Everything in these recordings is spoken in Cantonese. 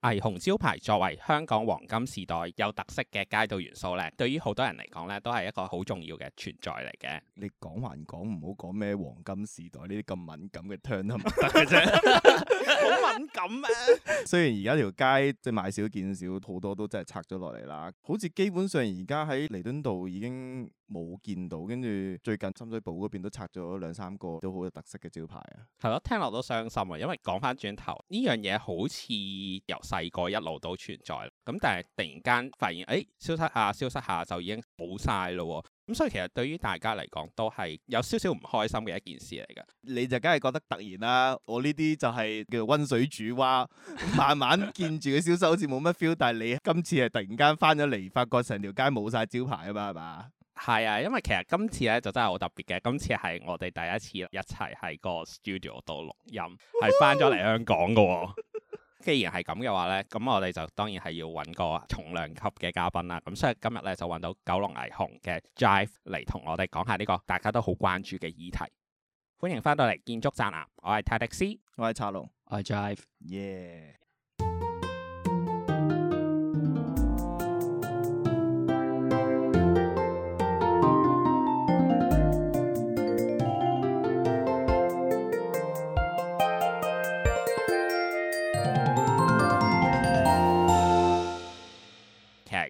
霓虹招牌作為香港黃金時代有特色嘅街道元素咧，對於好多人嚟講咧，都係一個好重要嘅存在嚟嘅。你講還講唔好講咩黃金時代呢啲咁敏感嘅 turn 得唔得啫？好敏感啊！雖然而家條街即係買少見少，好多都真係拆咗落嚟啦。好似基本上而家喺彌敦道已經。冇見到，跟住最近深水埗嗰邊都拆咗兩三個都好有特色嘅招牌啊。係咯，聽落都傷心啊。因為講翻轉頭呢樣嘢好似由細個一路都存在，咁但係突然間發現，誒、哎、消失下，消失下就已經冇曬咯。咁所以其實對於大家嚟講都係有少少唔開心嘅一件事嚟㗎。你就梗係覺得突然啦，我呢啲就係叫做溫水煮蛙，慢慢見住佢消失，好似冇乜 feel。但係你今次係突然間翻咗嚟，發覺成條街冇晒招牌啊嘛，係嘛？係啊，因為其實今次咧就真係好特別嘅。今次係我哋第一次一齊喺個 studio 度錄音，係翻咗嚟香港噶、哦。 既然係咁嘅話咧，咁我哋就當然係要揾個重量級嘅嘉賓啦。咁所以今日咧就揾到九龍霓虹嘅 Jive 嚟同我哋講下呢個大家都好關注嘅議題。歡迎翻到嚟建築宅男啊！我係泰迪斯，我係查龍，我係 Jive 耶！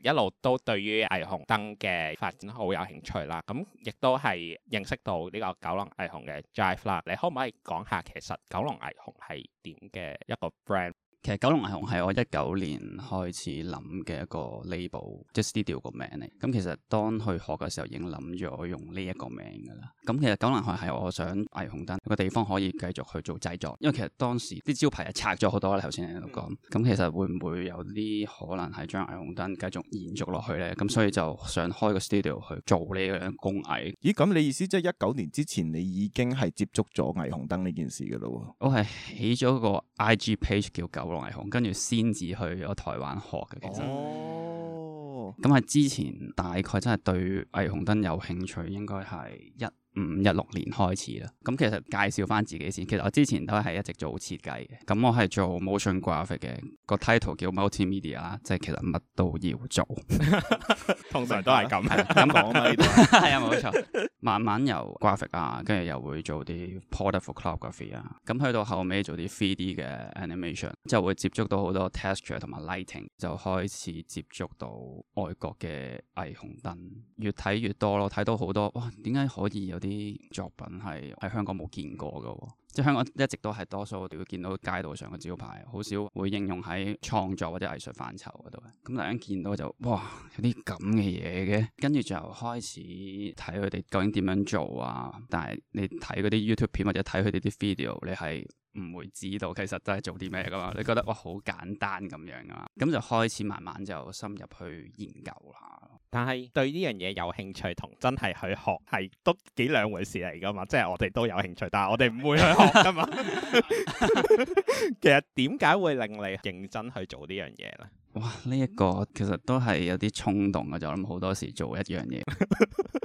一路都對於霓虹燈嘅發展好有興趣啦，咁亦都係認識到呢個九龍霓虹嘅 Jive 啦。你可唔可以講下其實九龍霓虹係點嘅一個 brand？其實九龍霓虹係我一九年開始諗嘅一個 label，即係 studio 個名嚟。咁其實當去學嘅時候，已經諗咗我用呢一個名噶啦。咁其實九龍霓虹係我想霓虹燈個地方可以繼續去做製作，因為其實當時啲招牌係拆咗好多啦。頭先你都講，咁其實會唔會有啲可能係將霓虹燈繼續延續落去咧？咁所以就想開個 studio 去做呢樣工藝。咦？咁你意思即係一九年之前你已經係接觸咗霓虹燈呢件事噶啦？我係起咗個 IG page 叫九。跟住先至去咗台灣學嘅。其實哦，噉係之前大概真係對霓虹燈有興趣，應該係一五一六年開始啦，咁其實介紹翻自己先。其實我之前都係一直做設計嘅，咁我係做 motion graphic 嘅，個 title 叫 multimedia 啦，即係其實乜都要做， 通常都係咁咁講啦，係啊冇錯。慢慢由 graphic 啊，跟住又會做啲 portable calligraphy 啊，咁去到後尾做啲 3D 嘅 animation，之後會接觸到好多 texture 同埋 lighting，就開始接觸到外國嘅霓虹燈，越睇越多咯，睇到好多哇，點解可以有？啲作品係喺香港冇見過㗎喎，即係香港一直都係多數我哋會見到街道上嘅招牌，好少會應用喺創作或者藝術範疇嗰度。咁突然間見到就，哇，有啲咁嘅嘢嘅，跟住就開始睇佢哋究竟點樣做啊。但係你睇嗰啲 YouTube 片或者睇佢哋啲 video，你係唔會知道其實真係做啲咩噶嘛。 你覺得哇，好簡單咁樣啊。咁就開始慢慢就深入去研究下。但係對呢樣嘢有興趣同真係去學係都幾兩回事嚟噶嘛，即係我哋都有興趣，但係我哋唔會去學噶嘛。 其實點解會令你認真去做呢樣嘢咧？哇！呢一個其實都係有啲衝動嘅，就諗好多時做一樣嘢，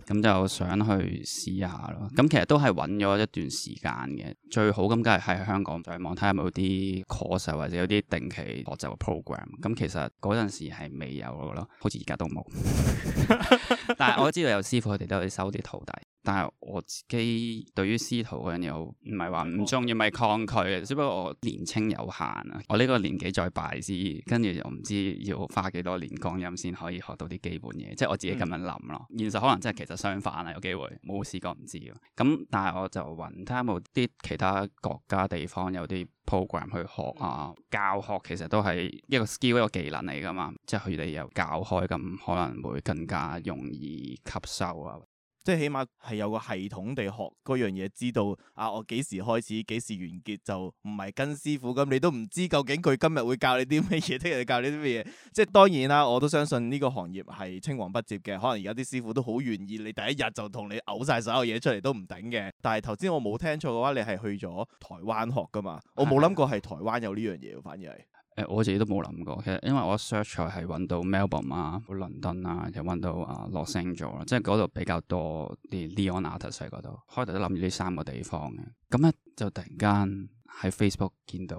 咁就想去試下咯。咁其實都係揾咗一段時間嘅，最好咁梗係喺香港上網睇下有冇啲 course 或者有啲定期學習 program。咁其實嗰陣時係未有咯，好似而家都冇。 但係我知道有師傅佢哋都有收啲徒弟。但係我自己對於師徒嗰樣嘢唔係話唔中意，咪、嗯、抗拒嘅，只不過我年青有限啊，我呢個年紀再拜師，跟住又唔知要花幾多年光陰先可以學到啲基本嘢，即係我自己咁樣諗咯。嗯、現實可能真係其實相反啊，有機會冇試過唔知喎。咁但係我就揾睇下有冇啲其他國家地方有啲 program 去學啊，教學其實都係一個 skill 一個技能嚟噶嘛，即係佢哋又教開咁，可能會更加容易吸收啊。即係起碼係有個系統地學嗰樣嘢，知道啊我幾時開始，幾時完結就唔係跟師傅咁，你都唔知究竟佢今日會教你啲咩嘢，聽日教你啲咩嘢。即係當然啦，我都相信呢個行業係青黃不接嘅，可能而家啲師傅都好願意你第一日就同你嘔晒所有嘢出嚟都唔頂嘅。但係頭先我冇聽錯嘅話，你係去咗台灣學㗎嘛？我冇諗過係台灣有呢樣嘢，反而係。誒，我自己都冇諗過，其實因為我 search 咗係揾到 Melbourne 啊、揾到倫敦啊，又揾到啊羅省啦，uh，即係嗰度比較多啲 neon artists 喺嗰度。開頭都諗住呢三個地方嘅，咁咧就突然間喺 Facebook 見到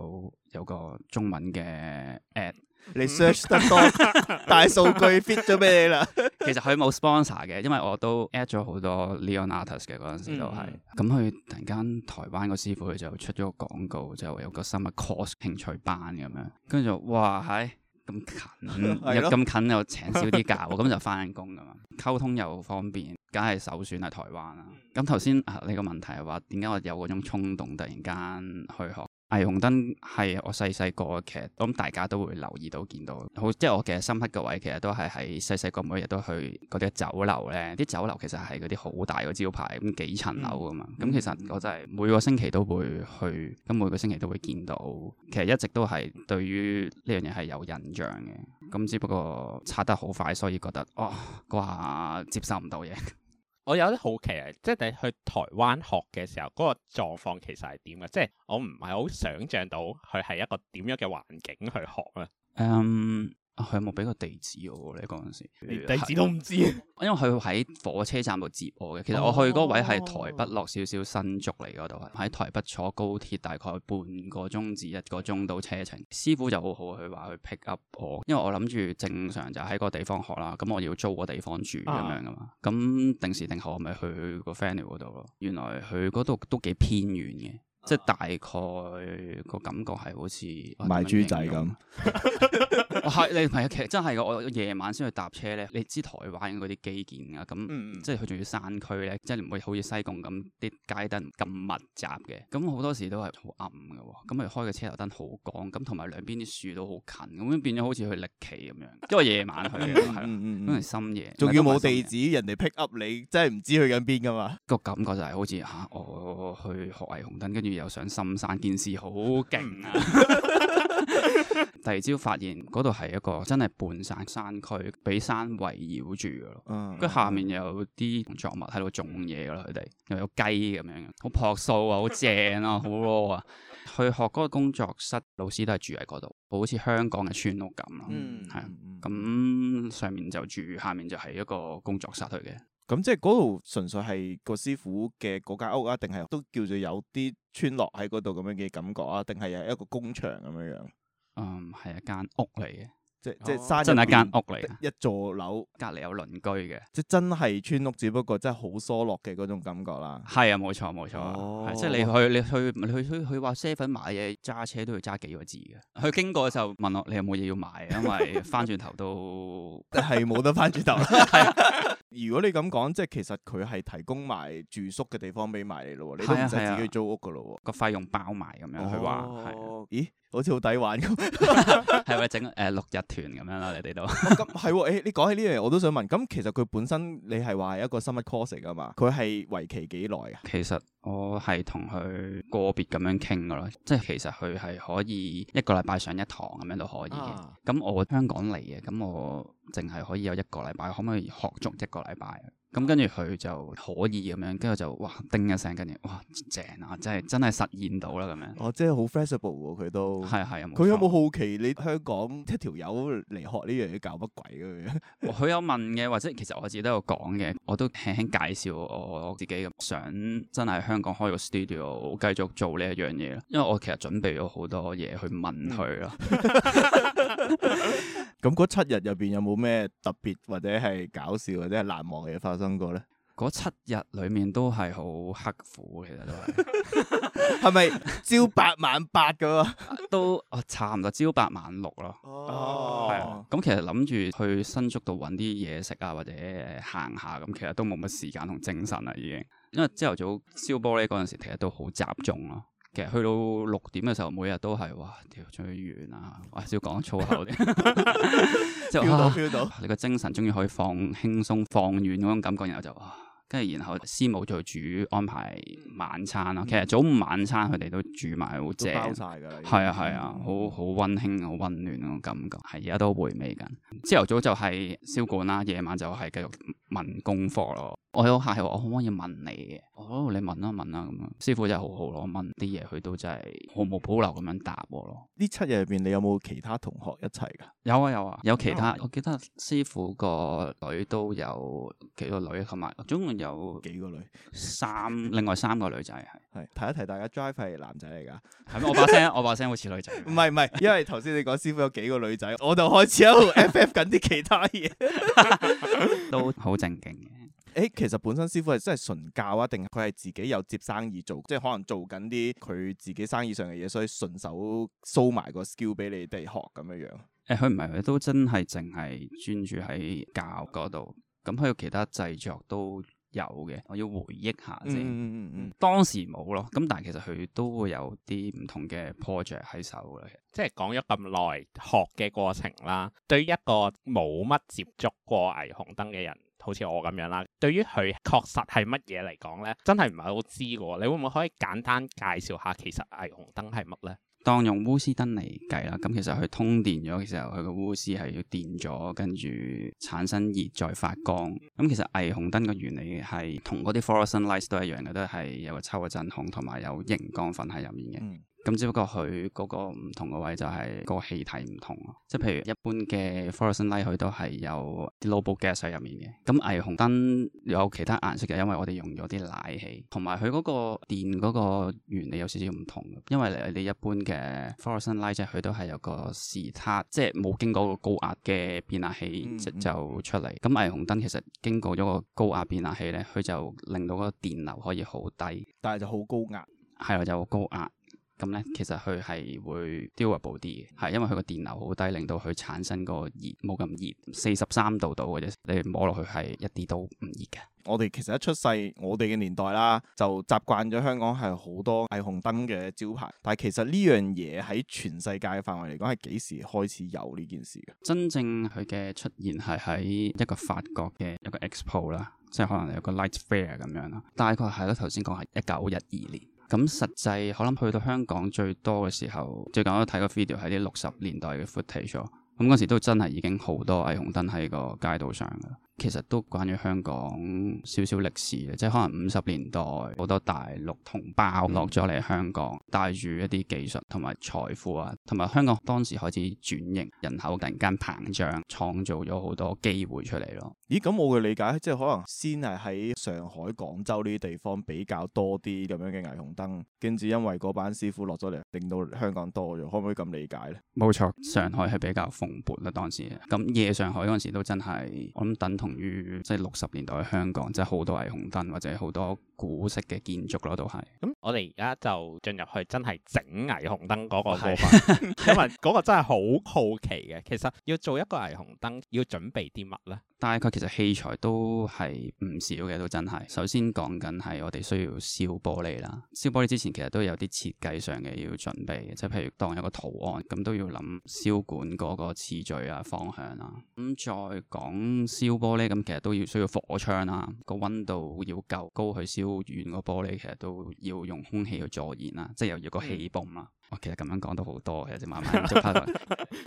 有個中文嘅 ad。你 search 得多， 大數據 fit 咗俾你啦。 其實佢冇 sponsor 嘅，因為我都 add 咗好多 Leon artist 嘅嗰陣時都係。咁佢突然間台灣個師傅佢就出咗個廣告，就有個新嘅 course 興趣班咁樣。跟住就哇，唉、哎，咁近，咁 近又請少啲假，咁 就翻工咁啊。溝通又方便，梗係首選係台灣啦。咁頭先你個問題係話點解我有嗰種衝動，突然間去學？霓虹燈係我細細個劇，咁大家都會留意到見到，好即係我其實深刻嘅位，其實都係喺細細個每日都去嗰啲酒樓咧，啲酒樓其實係嗰啲好大個招牌，咁幾層樓㗎嘛，咁其實我真係每個星期都會去，咁每個星期都會見到，其實一直都係對於呢樣嘢係有印象嘅，咁只不過拆得好快，所以覺得哦，哇，接受唔到嘢。我有啲好奇啊，即係你去台灣學嘅時候，嗰個狀況其實係點嘅？即係我唔係好想像到佢係一個點樣嘅環境去學啊。Um 佢、啊、有冇俾個地址我、啊？你嗰陣時地址都唔知，啊、因為佢喺火車站度接我嘅。其實我去嗰位係台北落、哦、少少新竹嚟嗰度，喺台北坐高鐵大概半個鐘至一個鐘到車程。師傅就好好去話去 pick up 我，因為我諗住正常就喺個地方學啦。咁我要租個地方住咁、啊、樣噶嘛。咁定時定候咪去個 friend 嗰度咯。原來佢嗰度都幾偏遠嘅。即係大概個感覺係好似、啊、賣豬仔咁， 係你唔係其實真係我夜晚先去搭車咧，你知台灣嗰啲基建啊，咁、嗯、即係佢仲要山區咧，即係唔會好似西貢咁啲街燈咁密集嘅。咁好多時都係好暗嘅喎，咁佢開嘅車頭燈好光，咁同埋兩邊啲樹都好近，咁變咗好似去歷奇咁樣。因為夜晚去，係因為深夜。仲要冇地址，地址人哋 pick up 你，真係唔知去緊邊噶嘛？個感覺就係好似吓，我去學霓虹燈，跟住。又上深山，件事好勁啊！ 第二朝發現嗰度係一個真係半山山區，俾山圍繞住噶咯。嗯，佢下面有啲作物喺度種嘢噶啦，佢哋又有雞咁樣嘅，好樸素啊，好正啊，好 low 啊！ 去學嗰個工作室，老師都係住喺嗰度，好似香港嘅村屋咁咯、嗯啊。嗯，係咁、嗯、上面就住，下面就係一個工作室去嘅。咁即係嗰度純粹係個師傅嘅嗰間屋啊，定係都叫做有啲村落喺嗰度咁樣嘅感覺啊？定係有一個工場咁樣樣？嗯，係一間屋嚟嘅，即即係真係一間屋嚟嘅，一座樓，隔籬有鄰居嘅，即真係村屋，只不過真係好疏落嘅嗰種感覺啦。係啊、哦，冇錯冇錯，即係、哦就是、你去你去你去去去話 seven 買嘢，揸車都要揸幾個字嘅。佢經過嘅時候問我，你有冇嘢要買？因為翻轉頭都係冇 得翻轉頭。 如果你咁講，即係其實佢係提供埋住宿嘅地方俾埋你咯，你都唔使自己租屋噶咯，啊啊、了個費用包埋咁樣佢話，係、哦。啊、咦？好似好抵玩咁，係咪整誒六日團咁樣啦、 哦哦欸？你哋都，係喎。誒，你講起呢樣嘢，我都想問。咁其實佢本身你係話一個生物 course 啊嘛，佢係為期幾耐啊？其實我係同佢個別咁樣傾嘅咯，即係其實佢係可以一個禮拜上一堂咁樣都可以。嘅、啊。咁我香港嚟嘅，咁我淨係可以有一個禮拜，可唔可以學足一個禮拜？咁跟住佢就可以咁樣，跟住就哇叮一聲，跟住哇正啊！真係真係實現到啦咁樣哦，即係好 flexible 喎、啊，佢都係係有佢有冇好奇你香港一條友嚟學呢樣嘢搞乜鬼咁、啊、樣？佢有問嘅，或者其實我自己都有講嘅，我都輕輕介紹我我自己咁想真係香港開個 studio 繼續做呢一樣嘢。因為我其實準備咗好多嘢去問佢啦。咁嗰 七日入邊有冇咩特別或者係搞笑或者係難忘嘅嘢發生？咁個咧，嗰七日裡面都係好刻苦，其實都係，係咪 朝八晚八嘅 都啊、oh. 啊，差唔多朝八晚六咯。哦，係啊。咁其實諗住去新宿度揾啲嘢食啊，或者行下咁，其實都冇乜時間同精神啦，已經。因為朝頭早燒玻璃嗰陣時，其實都好集中咯、啊。其實去到六點嘅時候，每日都係哇，條最遠啊！我少講粗口啲，即係飄到飄到，到你個精神終於可以放輕鬆、放軟嗰種感覺。然後就，跟、啊、住然，然後師母再煮安排晚餐啦。嗯、其實早午晚餐佢哋都煮埋好正，包曬㗎。係啊係啊，好好溫馨、好溫暖嗰種感覺，係而家都回味緊。朝頭早就係燒管啦，夜晚就係繼續問功課咯。我有客氣我可唔可以問你嘅？哦，你問啦問啦咁啊，師傅就係好好咯，問啲嘢佢都真係毫無保留咁樣答我咯。呢七日入邊你有冇其他同學一齊噶？有啊有啊，有其他。哦、我記得師傅個女都有幾個女，同埋總共有幾個女，三另外三個女仔係。係提一提大家，Jive 係男仔嚟噶，係咪？我把聲 我把聲好似女仔，唔係唔係，因為頭先你講師傅有幾個女仔， 我就開始喺度 FF 緊啲其他嘢， 都好正經嘅。誒，其實本身師傅係真係純教啊，定係佢係自己有接生意做，即係可能做緊啲佢自己生意上嘅嘢，所以順手 show 埋個 skill 俾你哋學咁樣樣。誒、欸，佢唔係佢都真係淨係專注喺教嗰度，咁、嗯、佢有其他製作都有嘅。我要回憶下先，嗯嗯嗯、當時冇咯。咁但係其實佢都會有啲唔同嘅 project 喺手嘅。即係講咗咁耐學嘅過程啦，對一個冇乜接觸過霓虹燈嘅人。好似我咁樣啦，對於佢確實係乜嘢嚟講咧，真係唔係好知嘅喎。你會唔會可以簡單介紹下其，其實霓虹燈係乜咧？當用鎢絲燈嚟計啦，咁其實佢通電咗嘅時候，佢個鎢絲係要電咗，跟住產生熱再發光。咁其實霓虹燈嘅原理係同嗰啲 fluorescent lights 都一樣嘅，都係有個抽嘅真空，同埋有熒光粉喺入面嘅。嗯咁只不過佢嗰個唔同嘅位就係個氣體唔同咯，即係譬如一般嘅 fluorescent light 佢都係有啲 noble gas 喺入面嘅。咁霓虹燈有其他顏色嘅，因為我哋用咗啲氖氣，同埋佢嗰個電嗰個原理有少少唔同。因為你一般嘅 fluorescent light 即係佢都係有個士撻，即係冇經過個高壓嘅變壓器、嗯嗯、就出嚟。咁霓虹燈其實經過咗個高壓變壓器咧，佢就令到嗰個電流可以好低，但係就好高壓。係啊，就好高壓。咁咧，其實佢係會 durable 啲嘅，係因為佢個電流好低，令到佢產生個熱冇咁熱，四十三度度嘅啫，你摸落去係一啲都唔熱嘅。我哋其實一出世，我哋嘅年代啦，就習慣咗香港係好多霓虹燈嘅招牌，但係其實呢樣嘢喺全世界嘅範圍嚟講，係幾時開始有呢件事嘅？真正佢嘅出現係喺一個法國嘅一個 expo 啦，即係可能有個 light fair 咁樣啦，大概係啦。頭先講係一九一二年。咁實際可能去到香港最多嘅時候，最近我都睇個 video 喺啲六十年代嘅 footage，咁嗰時都真係已經好多霓虹燈喺個街道上啦。其實都關於香港少少歷史嘅，即係可能五十年代好多大陸同胞落咗嚟香港，帶住一啲技術同埋財富啊，同埋香港當時開始轉型，人口突然間膨脹，創造咗好多機會出嚟咯。咦，咁我嘅理解即係可能先係喺上海、廣州呢啲地方比較多啲咁樣嘅霓虹燈，跟住因為嗰班師傅落咗嚟，令到香港多咗，可唔可以咁理解呢？冇錯，上海係比較蓬勃啦，當時。咁夜上海嗰陣時都真係，我諗等同於即係六十年代嘅香港，即係好多霓虹燈或者好多古式嘅建築咯，都係。咁我哋而家就進入去真係整霓虹燈嗰個部分。是 因為嗰個真係好好奇嘅。其實要做一個霓虹燈要準備啲乜呢？但係佢。其實器材都係唔少嘅，都真係。首先講緊係我哋需要燒玻璃啦。燒玻璃之前其實都有啲設計上嘅要準備，即係譬如當有個圖案咁都要諗燒管嗰個次序啊、方向啦、啊。咁、嗯、再講燒玻璃，咁其實都要需要火槍啦、啊，個溫度要夠高去燒軟個玻璃，其實都要用空氣去助燃啦、啊，即係又要個氣泵啦、啊。我其實咁樣講都好多，其實只慢慢只 part 啦。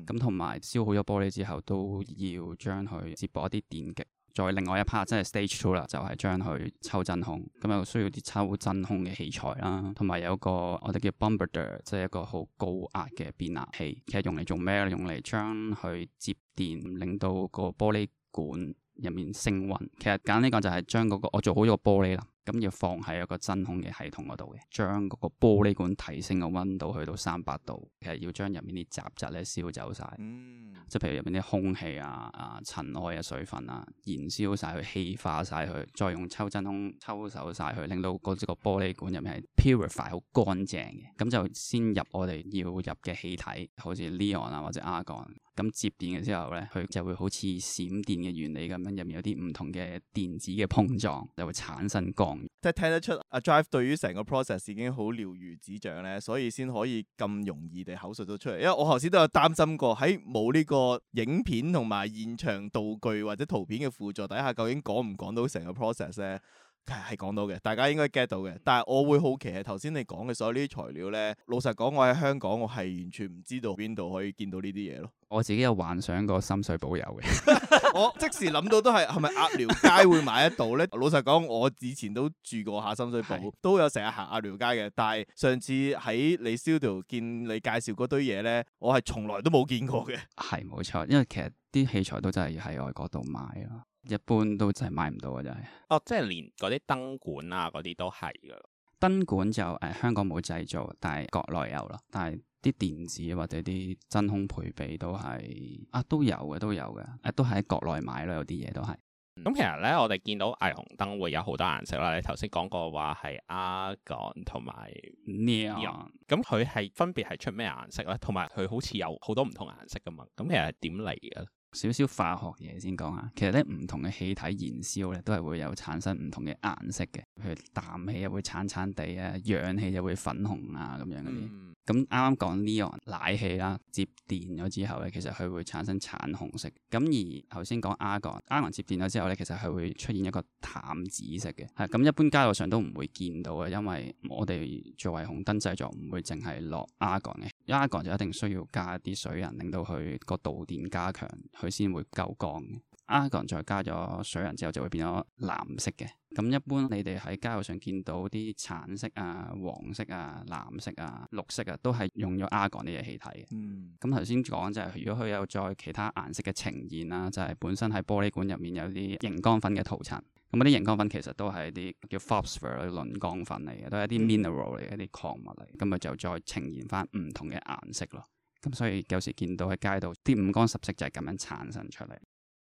咁同埋燒好咗玻璃之後，都要將佢接駁一啲電極。再另外一 part 即係 stage two 啦，就係將佢抽真空。咁又需要啲抽真空嘅器材啦，同埋有個我哋叫 bombarder 即係一個好高壓嘅變壓器。其實用嚟做咩咧？用嚟將佢接電，令到個玻璃管入面升温，其實簡單講就係將嗰個我做好咗個玻璃啦，咁要放喺一個真空嘅系統嗰度嘅，將嗰個玻璃管提升個温度去到三百度，其實要將入面啲雜質咧燒走晒，嗯、即係譬如入面啲空氣啊、啊塵埃啊、水分啊，燃燒晒佢氣化晒佢，再用抽真空抽走晒佢，令到嗰個玻璃管入面係 purify 好乾淨嘅，咁就先入我哋要入嘅氣體，好似 neon 啊或者 argon。咁接電嘅之後咧，佢就會好似閃電嘅原理咁樣，入面有啲唔同嘅電子嘅碰撞，就會產生光。即係聽得出啊，Jive 對於成個 process 已經好了如指掌咧，所以先可以咁容易地口述咗出嚟。因為我頭先都有擔心過，喺冇呢個影片同埋現場道具或者圖片嘅輔助底下，究竟講唔講到成個 process 咧？係講到嘅，大家應該 get 到嘅。但係我會好奇嘅，頭先你講嘅所有呢啲材料咧，老實講，我喺香港，我係完全唔知道邊度可以見到呢啲嘢咯。我自己有幻想過深水埗有嘅， 我即時諗到都係係咪鴨寮街會買得到咧？ 老實講，我以前都住過下深水埗，是都有成日行鴨寮街嘅。但係上次喺你 studio 見你介紹嗰堆嘢咧，我係從來都冇見過嘅。係冇錯，因為其實啲器材都真係喺外國度買咯。一般都真係買唔到嘅，就係、係。哦，即係連嗰啲燈管啊，嗰啲都係㗎。燈管就誒、呃、香港冇製造，但係國內有咯。但係啲電子或者啲真空配備都係啊，都有嘅，都有嘅，誒、啊、都喺國內買咯，有啲嘢都係。咁、嗯、其實咧，我哋見到霓虹燈會有好多顏色啦。你頭先講過話係 Argon 同埋 Neon，咁佢係分別係出咩顏色咧？同埋佢好似有好多唔同顏色㗎嘛。咁其實點嚟嘅咧？少少化學嘢，先講下，其實咧，唔同嘅氣體燃燒咧都係會有產生唔同嘅顏色嘅，譬如氮氣又會橙橙地啊，氧氣又會粉紅啊咁樣嗰啲。咁啱啱講呢樣奶氣啦，接電咗之後咧，其實佢會產生橙紅色。咁而頭先講氬氣，氬氣接電咗之後咧，其實佢會出現一個淡紫色嘅。係咁、嗯、一般街道上都唔會見到嘅，因為我哋作為紅燈製作唔會淨係落氬氣嘅。因 Argon 就一定需要加啲水銀，令到佢個導電加強，佢先會夠光。Argon 再加咗水銀之後，就會變咗藍色嘅。咁一般你哋喺街上見到啲橙色啊、黃色啊、藍色啊、綠色啊，都係用咗 Argon 呢嘢氣體嘅。咁頭先講就係、是、如果佢有再其他顏色嘅呈現啦，就係、是、本身喺玻璃管入面有啲熒光粉嘅塗層。咁嗰啲熒光粉其實都係一啲叫 phosphor 啲磷光粉嚟嘅，都係一啲 mineral 嚟嘅，一啲礦物嚟，咁咪就再呈現翻唔同嘅顏色咯。咁所以有時見到喺街度啲五光十色就係咁樣產生出嚟。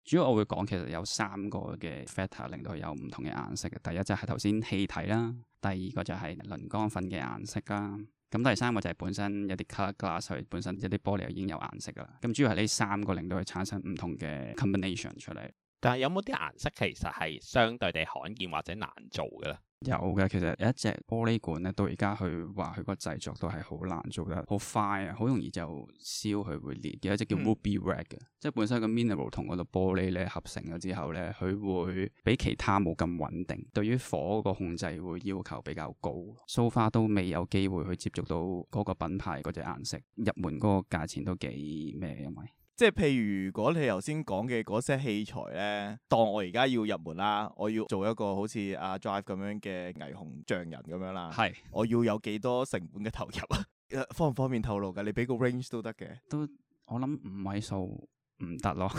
主要我會講其實有三個嘅 factor 令到佢有唔同嘅顏色嘅，第一就係頭先氣體啦，第二個就係磷光粉嘅顏色啦，咁第三個就係本身有啲 color glass，佢本身一啲玻璃已經有顏色噶啦。咁主要係呢三個令到佢產生唔同嘅 combination 出嚟。但係有冇啲顏色其實係相對地罕見或者難做噶咧？有嘅，其實有一隻玻璃管咧，到而家去話佢個製作都係好難做嘅，好快啊，好容易就燒佢會裂。有一隻叫 Ruby Red 嘅，嗯，即係本身 min 個 Mineral 同嗰度玻璃咧合成咗之後咧，佢會比其他冇咁穩定，對於火個控制會要求比較高。蘇、so、far 都未有機會去接觸到嗰個品牌嗰隻顏色，入門嗰個價錢都幾咩，因為。即係譬如如果你頭先講嘅嗰些器材咧，當我而家要入門啦，我要做一個好似阿、啊、Jive 咁樣嘅霓虹匠人咁樣啦，係是，我要有幾多成本嘅投入啊？ 方唔方便透露㗎？你俾個 range 都得嘅。都，我諗五位數唔得咯。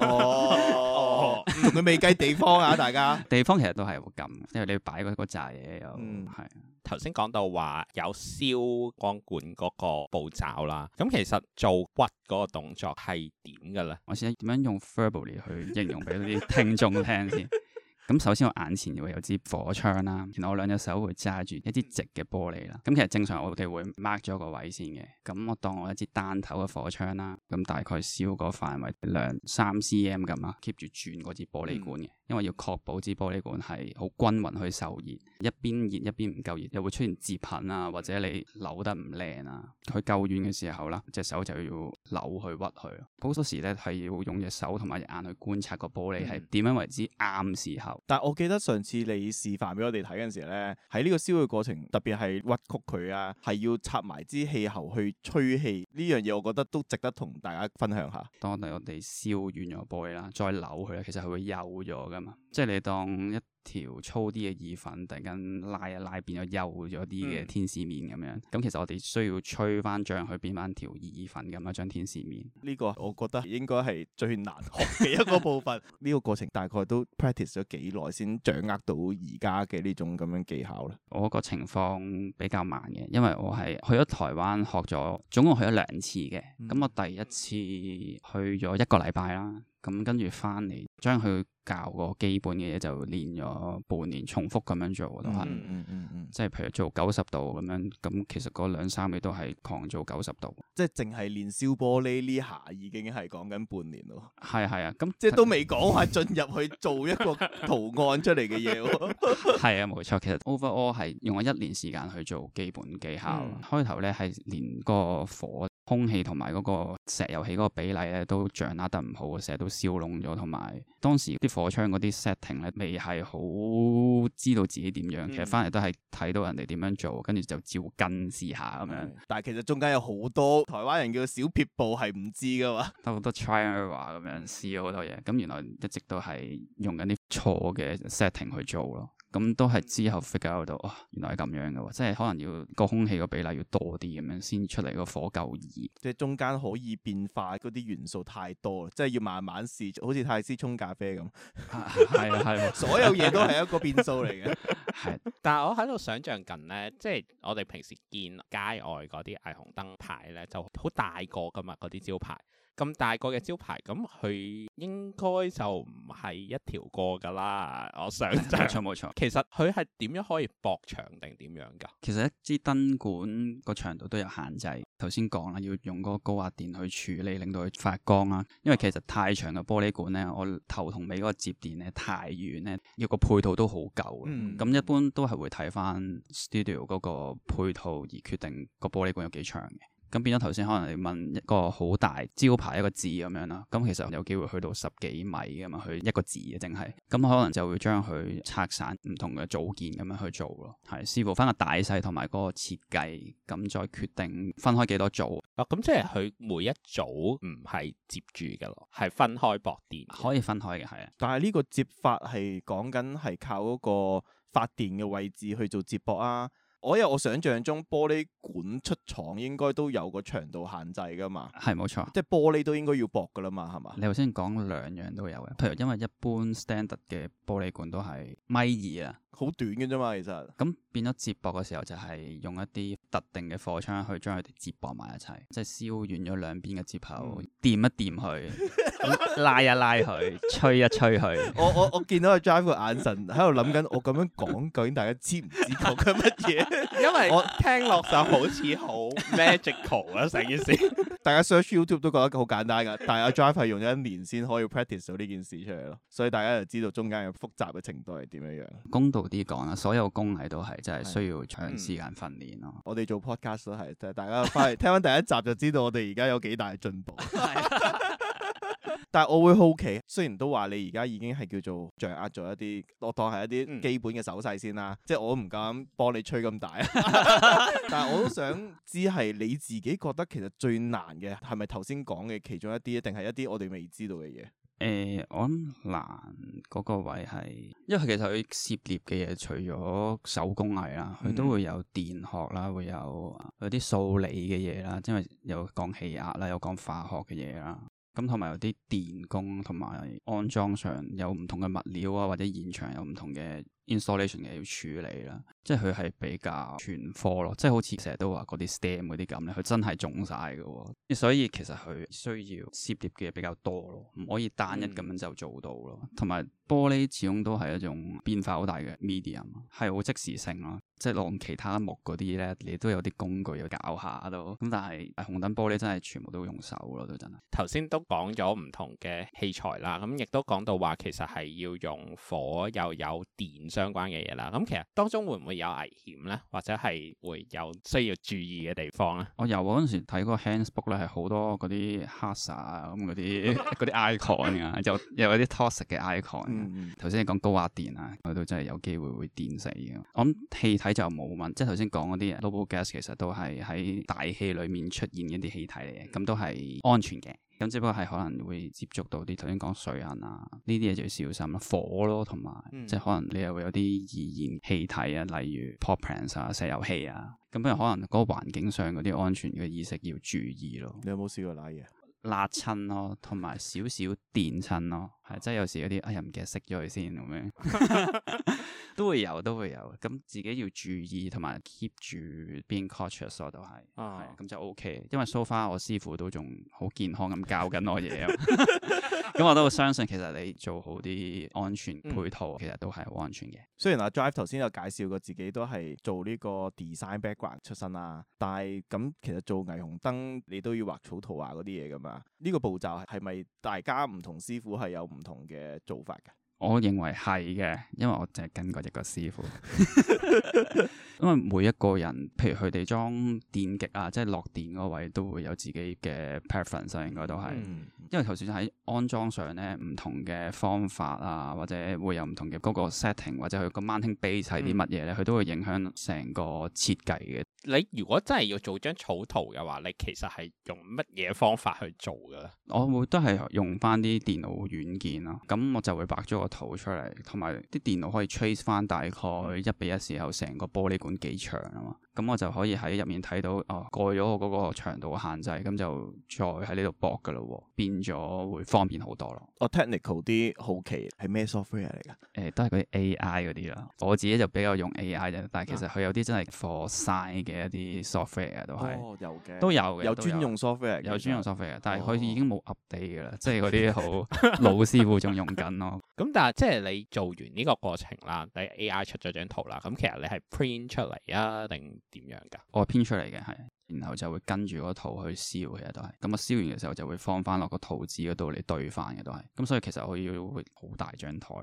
哦，同佢未計地方啊，大家。 地方其實都係好咁，因為你要擺嗰嗰扎嘢又係。嗯頭先講到話有燒光管嗰個步驟啦，咁其實做骨嗰個動作係點嘅咧？我試下點樣用 verbally 去形容俾啲聽眾聽先。咁 首先我眼前會有支火槍啦，然後我兩隻手會揸住一支直嘅玻璃啦。咁其實正常我哋會 mark 咗個位先嘅，咁我當我一支單頭嘅火槍啦，咁大概燒個範圍兩三 cm 咁啊，keep 住轉嗰支玻璃管嘅。嗯因為要確保支玻璃管係好均匀去受熱，一邊熱一邊唔夠熱，又會出現折痕啊，或者你扭得唔靚啊。佢夠軟嘅時候啦，隻手就要扭去屈佢。好多時咧係要用隻手同埋隻眼去觀察個玻璃係點樣為之啱時候。嗯、但係我記得上次你示範俾我哋睇嘅時候，咧，喺呢個燒嘅過程，特別係屈曲佢啊，係要插埋支氣喉去吹氣呢樣嘢，我覺得都值得同大家分享下。當我哋燒軟咗個玻璃啦，再扭佢咧，其實佢會幼咗噶。即係你當一條粗啲嘅意粉突然間拉一拉變咗幼咗啲嘅天使麵咁樣，咁、嗯、其實我哋需要吹翻漲去變翻條意粉咁樣將天使麵。呢個我覺得應該係最難學嘅一個部分。呢 個過程大概都 practice 咗幾耐先掌握到而家嘅呢種咁樣技巧咧？我個情況比較慢嘅，因為我係去咗台灣學咗，總共去咗兩次嘅。咁、嗯、我第一次去咗一個禮拜啦。咁跟住翻嚟，將佢教個基本嘅嘢就練咗半年，重複咁樣做都係，嗯嗯、即係譬如做九十度咁樣，咁其實嗰兩三嘢都係狂做九十度。即係淨係練燒玻璃呢下，已經係講緊半年咯。係係啊，咁、嗯、即係都未講話進入去做一個圖案出嚟嘅嘢。係 啊，冇錯，其實 overall 係用咗一年時間去做基本技巧，開頭咧，係練個火。空氣同埋嗰個石油氣嗰個比例咧都掌握得唔好，成日都燒窿咗，同埋當時啲火槍嗰啲 setting 咧未係好知道自己點樣，嗯、其實翻嚟都係睇到人哋點樣做，跟住就照跟試下咁樣。嗯、但係其實中間有好多台灣人叫小撇步係唔知噶嘛，好多 try 嘅話咁樣試咗好多嘢，咁原來一直都係用緊啲錯嘅 setting 去做咯。咁都係之後發覺到，哦，原來係咁樣噶，即係可能要個空氣個比例要多啲咁樣，先出嚟個火夠熱。即係中間可以變化嗰啲元素太多，即係要慢慢試，好似泰斯沖咖啡咁。係啊係，所有嘢都係一個變數嚟嘅。係，但係我喺度想象緊咧，即係我哋平時見街外嗰啲霓虹燈牌咧，就好大個噶嘛，嗰啲招牌。咁大個嘅招牌，咁佢應該就唔係一條過噶啦。我想，冇錯冇錯，錯其實佢係點樣可以駁長定點樣㗎？其實一支燈管個長度都有限制。頭先講啦，要用嗰個高壓電去處理，令到佢發光啦。因為其實太長嘅玻璃管咧，我頭同尾嗰個接電咧太遠咧，要個配套都好夠。咁、嗯、一般都係會睇返 studio 嗰個配套而決定個玻璃管有幾長嘅。咁變咗頭先，可能你問一個好大招牌一個字咁樣啦，咁其實有機會去到十幾米㗎嘛，佢一個字淨係，咁可能就會將佢拆散唔同嘅組件咁樣去做咯，係視乎翻個大細同埋嗰個設計，咁再決定分開幾多組。啊，咁即係佢每一組唔係接住嘅咯，係分開駁電，可以分開嘅，係啊。但係呢個接法係講緊係靠嗰個發電嘅位置去做接駁啊。我有我想象中玻璃管出廠應該都有個長度限制噶嘛，係冇錯，錯即係玻璃都應該要薄噶啦嘛，係嘛？你頭先講兩樣都有嘅，譬如因為一般 standard 嘅玻璃管都係米二啊，好短嘅啫嘛，其實咁變咗接駁嘅時候就係用一啲特定嘅火槍去將佢哋接駁埋一齊，即係燒軟咗兩邊嘅接口，掂、嗯、一掂佢， 拉一拉佢，吹一吹佢。我我我見到阿 Jive 個眼神喺度諗緊，我咁樣講究竟大家知唔知道佢乜嘢？ 因為我聽落就好似好 magical 啊成件事， ，大家 search YouTube 都覺得好簡單噶但係阿 Jive 係用咗一年先可以 practice 到呢件事出嚟咯，所以大家就知道中間嘅複雜嘅程度係點樣樣。公道啲講啦，所有工藝都係真係需要長時間訓練咯。我哋做 podcast 都係，即係大家翻嚟聽完第一集就知道我哋而家有幾大進步。 但係我會好奇，雖然都話你而家已經係叫做掌握咗一啲，我當係一啲基本嘅手勢先啦。嗯、即係我唔敢幫你吹咁大， 但係我都想知係你自己覺得其實最難嘅係咪頭先講嘅其中一啲，定係一啲我哋未知道嘅嘢？誒、呃，我諗難嗰個位係，因為其實佢涉獵嘅嘢，除咗手工藝啦，佢都會有電學啦，會有會有啲數理嘅嘢啦，因為有講氣壓啦，有講化學嘅嘢啦。咁同埋有啲電工同埋安裝上有唔同嘅物料啊，或者現場有唔同嘅 installation 嘅要處理啦，即係佢係比較全科咯，即係好似成日都話嗰啲 STEM 嗰啲咁咧，佢真係種晒㗎喎，所以其實佢需要涉獵嘅嘢比較多咯，唔可以單一咁樣就做到咯，同埋。玻璃始終都係一種變化好大嘅 medium，係好即時性咯，即係攞其他木嗰啲咧，你都有啲工具要搞下都，咁但係紅燈玻璃真係全部都用手咯，都真係。頭先都講咗唔同嘅器材啦，咁亦都講到話其實係要用火又有電相關嘅嘢啦，咁其實當中會唔會有危險咧，或者係會有需要注意嘅地方咧？我有嗰陣時睇個 handsbook 咧，係好多嗰啲 hazard 啊，咁嗰啲啲 icon 啊，又又有啲 toxic 嘅 icon。頭先、嗯嗯、你講高壓電啊，我都真係有機會會電死嘅。我諗氣體就冇問，即係頭先講嗰啲 noble gas 其實都係喺大氣裏面出現一啲氣體嚟嘅，咁、嗯、都係安全嘅。咁只不過係可能會接觸到啲頭先講水銀啊，呢啲嘢就要小心火咯，同埋、嗯、即係可能你又會有啲易燃氣體啊，例如 propane 啊、石油氣啊，咁不如可能嗰個環境上嗰啲安全嘅意識要注意咯。你有冇試過拉嘢？辣親咯，同埋少少電親咯。係，即係有時嗰啲哎呀唔記得熄咗佢先咁樣， 都會有都會有，咁自己要注意同埋 keep 住 being cautious 我都係，係咁、哦、就 O K。因為 so far 我師傅都仲好健康咁教緊我嘢，咁 我都好相信其實你做好啲安全配套，嗯、其實都係好安全嘅。雖然阿、啊、Jive 頭先有介紹過自己都係做呢個 design background 出身啦、啊，但係咁、嗯、其實做霓虹燈你都要畫草圖啊啲嘢噶嘛，呢、這個步驟係咪大家唔同師傅係有？唔同嘅做法嘅，我認為係嘅，因為我淨係跟過一個師傅， 因為每一個人，譬如佢哋裝電極啊，即係落電嗰位，都會有自己嘅 preference，應該都係，嗯、因為頭先喺安裝上咧，唔同嘅方法啊，或者會有唔同嘅個 setting，或者佢個 mounting base 係啲乜嘢咧，佢、嗯、都會影響成個設計嘅。你如果真係要做張草圖嘅話，你其實係用乜嘢方法去做嘅？我會都係用翻啲電腦軟件囉，咁我就會畫咗個圖出嚟，同埋啲電腦可以 trace 翻大概一比一時候成個玻璃管幾長啊嘛。咁、嗯、我就可以喺入面睇到哦，過咗我嗰個長度嘅限制，咁、嗯、就再喺呢度搏嘅咯，變咗會方便好多咯。哦 technical 啲好奇係咩 software 嚟㗎？誒、欸，都係嗰啲 AI 嗰啲啦。我自己就比較用 AI 嘅，但係其實佢有啲真係 for sign 嘅一啲 software 啊，都係。哦，有嘅，都有嘅，有專用 software，有，有，有專用 software，哦、但係佢已經冇 update 㗎啦，哦、即係嗰啲好 老師傅仲用緊咯。咁但係即係你做完呢個過程啦，你 A.I. 出咗張圖啦，咁其實你係 print 出嚟啊定點樣噶？我係 print 出嚟嘅，係。然後就會跟住個圖去燒，其實都係咁啊！燒完嘅時候就會放翻落個圖紙嗰度嚟對翻嘅都係，咁所以其實我要好 大張台，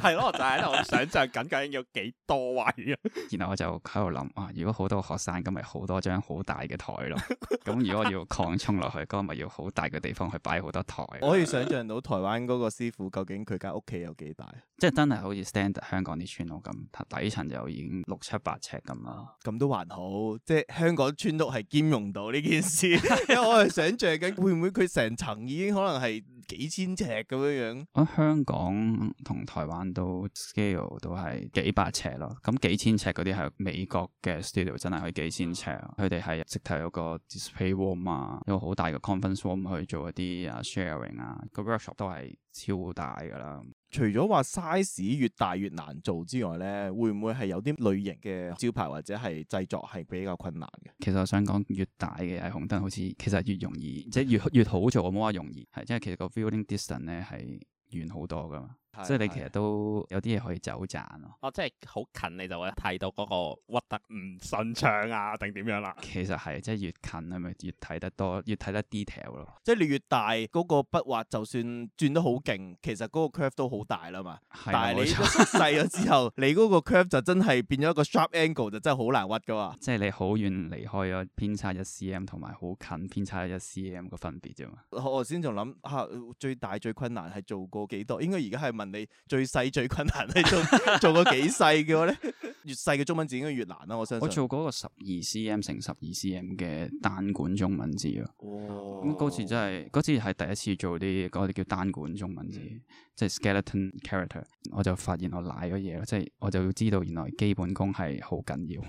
係咯，就喺度想象緊究竟有幾多位啊？ 然後我就喺度諗啊，如果好多學生咁，咪好多張好大嘅台咯。咁、hmm. 如果我要擴充落去，咁咪要好大嘅地方去擺好多台。我可以想像到台灣嗰個師傅究竟佢間屋企有幾大？即係真係好似 stand 香港啲村屋咁，底層就已經六七八尺咁啦。咁都還好，即係香港。串讀係兼容到呢件事，我係想像緊會唔會佢成層已經可能係幾千尺咁樣樣。啊，香港同台灣都 scale 都係幾百尺咯，咁幾千尺嗰啲係美國嘅 studio 真係可以幾千尺。佢哋係直頭有一個 display room 啊，有好大嘅 conference room 去做一啲 sh 啊 sharing 啊，個 workshop 都係。超大噶啦！除咗話 size 越大越難做之外咧，會唔會係有啲類型嘅招牌或者係製作係比較困難嘅？其實我想講，越大嘅紅燈好似其實越容易，即係越越好做。我冇話容易，係因為其實個 viewing distance 咧係遠好多噶嘛。即係你其實都有啲嘢可以走盞咯。哦，即係好近你就會睇到嗰個屈得唔順暢啊，定點樣啦、啊？其實係，即係越近係咪越睇得多，越睇得 detail 咯。即係你越大嗰、嗰個筆畫，就算轉得好勁，其實嗰個 curve 都好大啦嘛。的但係你細咗之後， 你嗰個 curve 就真係變咗一個 sharp angle，就真係好難屈噶嘛、啊。即係你好遠離開咗偏差一 cm，同埋好近偏差一 cm 個分別啫嘛。我頭先仲諗啊，最大最困難係做過幾多？應該而家係問。人哋最細最困難，你 做做過幾細嘅咧？ 越細嘅中文字應該越難啦、啊。我相信我做嗰個十二 cm 乘十二 cm 嘅單管中文字咯。哇、哦！咁嗰、嗯、次真係，嗰次係第一次做啲嗰啲叫單管中文字。嗯即係 Skeleton character，我就發現我瀨咗嘢咯，即係我就要知道原來基本功係好緊要。